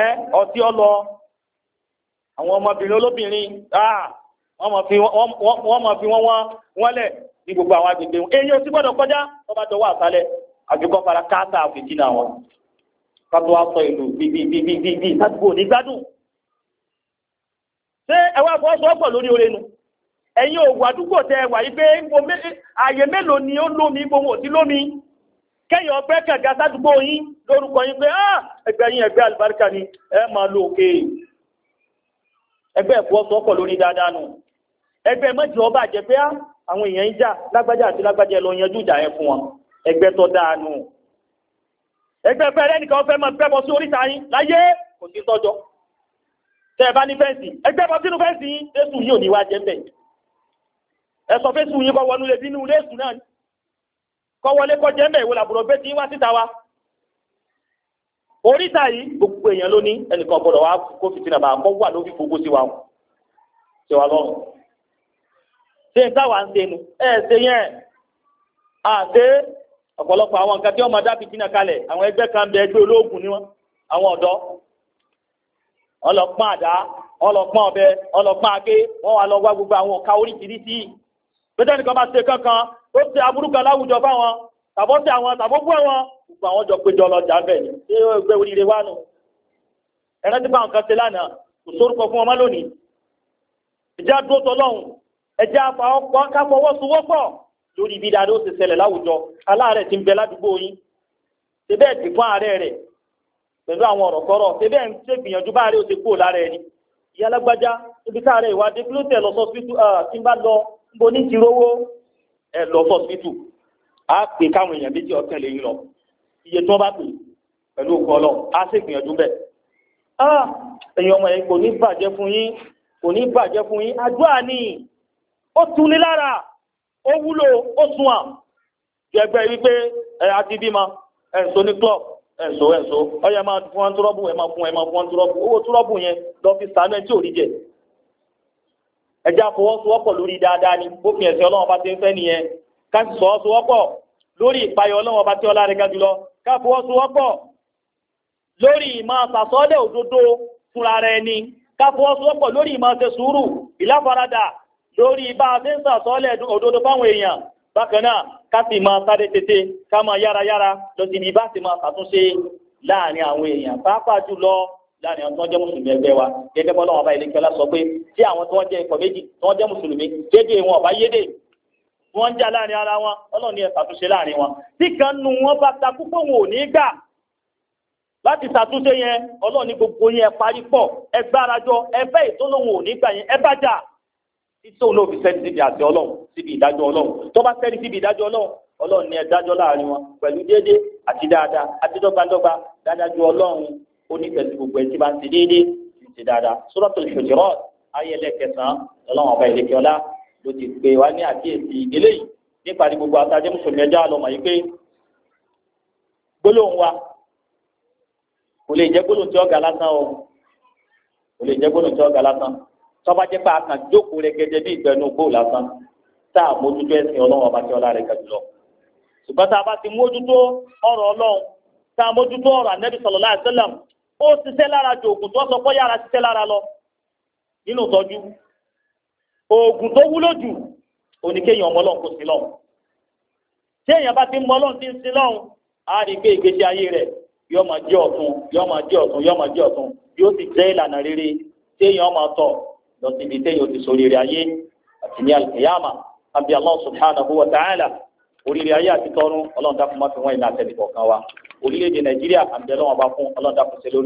ẹ ọtí ọlọ àwọn ọmọbìnrin olóbìnrin wọ́n mọ̀ fi gbogbo àwọn agbègbè wọn èyí ò gbọ́dọ̀ kọjá kátó wá sọ ìlú bíbíbíbíbí sádùúgbò ní gbádùn. ṣé ẹ wá fọwọ́sowọ́pọ̀ lórí oore nu ẹ̀yin òògùn àdúgbò tẹ wà yí pé àyè mélòó ni ó lómi gbogbo òsì lómi kẹ́yìn ọgbẹ́ kẹ̀gá sádùúgbò yín lórúkọ yín pé ah, ẹgbẹ́ yín ẹgbẹ́ àlùbáríkà ni ẹ máa lo òkè ẹgbẹ́ ìfọwọ́sowọ́pọ̀ lórí dáadáa nù ẹgbẹ́ mọ́jì ọba àjẹpẹ́ ah, àwọn èèyàn ń jà lágbájá àti lágbájá ẹ lọ yanjú ìjà yẹn fún wọn ẹgbẹ́ tó dáa nù ẹgbẹ́ fẹ́ ẹnìkan fẹ́ máa pẹ́bọ sí oríta yín láyé kò sí tọ́jọ́ tẹ́ ẹ bá ní fẹ́ǹsì ẹgbẹ́ bọ sínú fẹ́ǹsì yín lẹ́sù yìí ò ní wá jẹ́ ń bẹ̀ ẹ sọ fẹ́ǹsì yín kọ́ wọnú lè bínú lẹ́sù náà ni kọ́ wọlé kọ́ jẹ́ ń bẹ̀ ìwò làbùrọ̀ gbé tí wá síta wa oríta yìí gbogbo èèyàn ló ní ẹnìkan gbọdọ̀ wá kó fìtínà bá kọ́ wà lórí gbogbo sí wa ṣe wa lọ́rùn ṣe ń táwa ń ṣe nu ẹ̀ ṣe yẹn àṣe ọ̀pọ̀lọpọ̀ àwọn nǹkan tí wọ́n máa dá fìtínà kalẹ̀ àwọn ẹgbẹ́ kan bẹ ẹgbẹ́ olóògùn ni wọ́n àwọn ọ̀dọ́ ọlọ́pàá àdá ọlọ́pàá ọ̀bẹ ọlọ́pàá aké wọ́n wá lọ wá gbogbo àwọn ọ̀ka oríṣiríṣi pété nìkan bá ṣe kankan ó ṣe aburú kan láwùjọ fáwọn tàbó ṣe àwọn tàbó bú àwọn gbogbo àwọn jọ péjọ ọlọjà bẹ́ẹ̀ ni ṣé ẹgbẹ́ oríire wà nù ẹ̀rẹ́ ti bá nǹkan ṣe lánàá kò sórúkọ fún ọmọ aláàárẹ̀ ti ń bẹ ládùúgbò yín ṣebẹ́ ti fún ààrẹ rẹ̀ pẹ̀lú àwọn ọ̀rọ̀ kọ́rọ̀ ṣebẹ́ ń ṣe gbìyànjú bá ààrẹ ó ti kúrò lára ẹni ìyá alágbájá ibi tá ààrẹ ìwádìí kí ló tẹ̀ lọ sọ́sítù tí ń bá lọ níbo ní ti rówó ẹ lọ sọ́sítù á pè káwọn èèyàn méjì ọ̀tẹ̀ lè yín lọ iye tí wọ́n bá pè pẹ̀lú òkú ọlọ́ á sì gbìyànjú bẹ́ẹ̀. èèyàn ọmọ yẹn kò ní bàjẹ́ fún yín kò ní bàjẹ́ fún yín àdúrà ni ó tuni lára ó wúlò ó sun àwọn jẹgbẹ́ wípé ẹ àti bímọ ẹ̀sọ́ ní club ẹ̀sọ́ ẹ̀sọ́ ọyẹ máa fún wọn túrọ́bù máa fún ẹ máa fún wọn owó túrọ́bù yẹn lọ fi sànú ẹ tí ò rí jẹ ẹjẹ lórí dáadáa ni bófin ẹ̀sìn ọlọ́wọ́n bá ti ń fẹ́ nìyẹn ká sì sọwọ́sowọ́pọ̀ lórí ìpayọ̀ ọlọ́wọ́n bá ti ọlá rẹ̀ ká fọwọ́sowọ́pọ̀ lórí ìmọ̀ òdodo fúnra rẹ̀ ni ká bákan náà ká sì máa sáré tètè ká máa yárayára lọ sí ní bá sì máa ṣàtúnṣe láàrin àwọn èèyàn pàápàá jùlọ láàrin àwọn tí wọ́n jẹ́ mùsùlùmí ẹgbẹ́ wa gẹ́gẹ́ bọ́lá wọn bá ilé ìjọba sọ pé tí àwọn tí wọ́n jẹ́ ikọ̀ méjì tí wọ́n jẹ́ mùsùlùmí dédé wọn ọba yédè wọ́n ń jà láàrin ara wọn Ọlọ́run ni ẹ ṣàtúnṣe láàrin wọn tí kan nu wọn bá ta púpọ̀ wọn ò ní gbà láti ṣàtúnṣe yẹn Ọlọ́run ni gbogbo yẹn parí pọ̀ ẹ gbárajọ ẹ ò ní gbà yẹn ẹ bá jà títí òun náà fi sẹ́ni síbi àti ọlọ́run síbi ìdájọ́ ọlọ́run tó bá sẹ́ni síbi ìdájọ́ ọlọ́run ọlọ́run ni ẹ dájọ́ láàrin wọn pẹ̀lú déédé àti dáadáa àti dọ́gbadọ́gba dáadájú ọlọ́run ó ní pẹ̀lú gbogbo ẹ̀ tí bá ń ti déédé ti dáadáa Suratul Hujurat ayẹlẹ kẹsàn-án ọlọ́run ọba ìlẹ̀kẹ́ ọlá ló ti pè wá ní àkíyèsí eléyìí nípa ní gbogbo àtàjẹ́ mùsùlùmí ẹja lọ́mọ yìí pé gbólóhùn wa kò lè jẹ́ gbólóhùn tí ọ̀gá lásán o kò lè jẹ́ gbólóhùn tí ọ̀gá lásán tọ́ba jẹ́ pé a kàn jókòó rẹ̀ gẹ́gẹ́ bí ìgbẹ́nu gbó lásán tá a mójútó ẹ̀sìn ọlọ́run ọba tí ọlá rẹ̀ ga jùlọ. ṣùgbọ́n tá a bá ti mójútó ọ̀rọ̀ ọlọ́run tá a mójútó ọ̀rọ̀ ànẹ́bí sallallahu alaihi wasallam ó ṣiṣẹ́ lára ju oògùn tó sọ pé yára ṣiṣẹ́ lára lọ nínú ìtọ́jú. oògùn tó wúlò jù oníkéèyàn ọmọ ọlọ́run kò sí lọ́hùn. tí èèyàn bá ti mọ ọlọ́run ti ń sin lọ́hùn á rí i pé ìgbésí ayé rẹ̀ yóò máa jẹ́ ọ̀tun yóò máa jẹ́ ọ̀tun lọ síbi téèyàn ti sọ oríire ayé àti ní alìkèyàmà àbí Allah subhanahu wa ta'ala oríire ayé àti tọ̀run ọlọ́run dákun má fi wọ́n ìlànà àtẹnìkọ̀ọ̀kan wa orílẹ̀-èdè nàìjíríà àbí ọlọ́run ọba fún ọlọ́run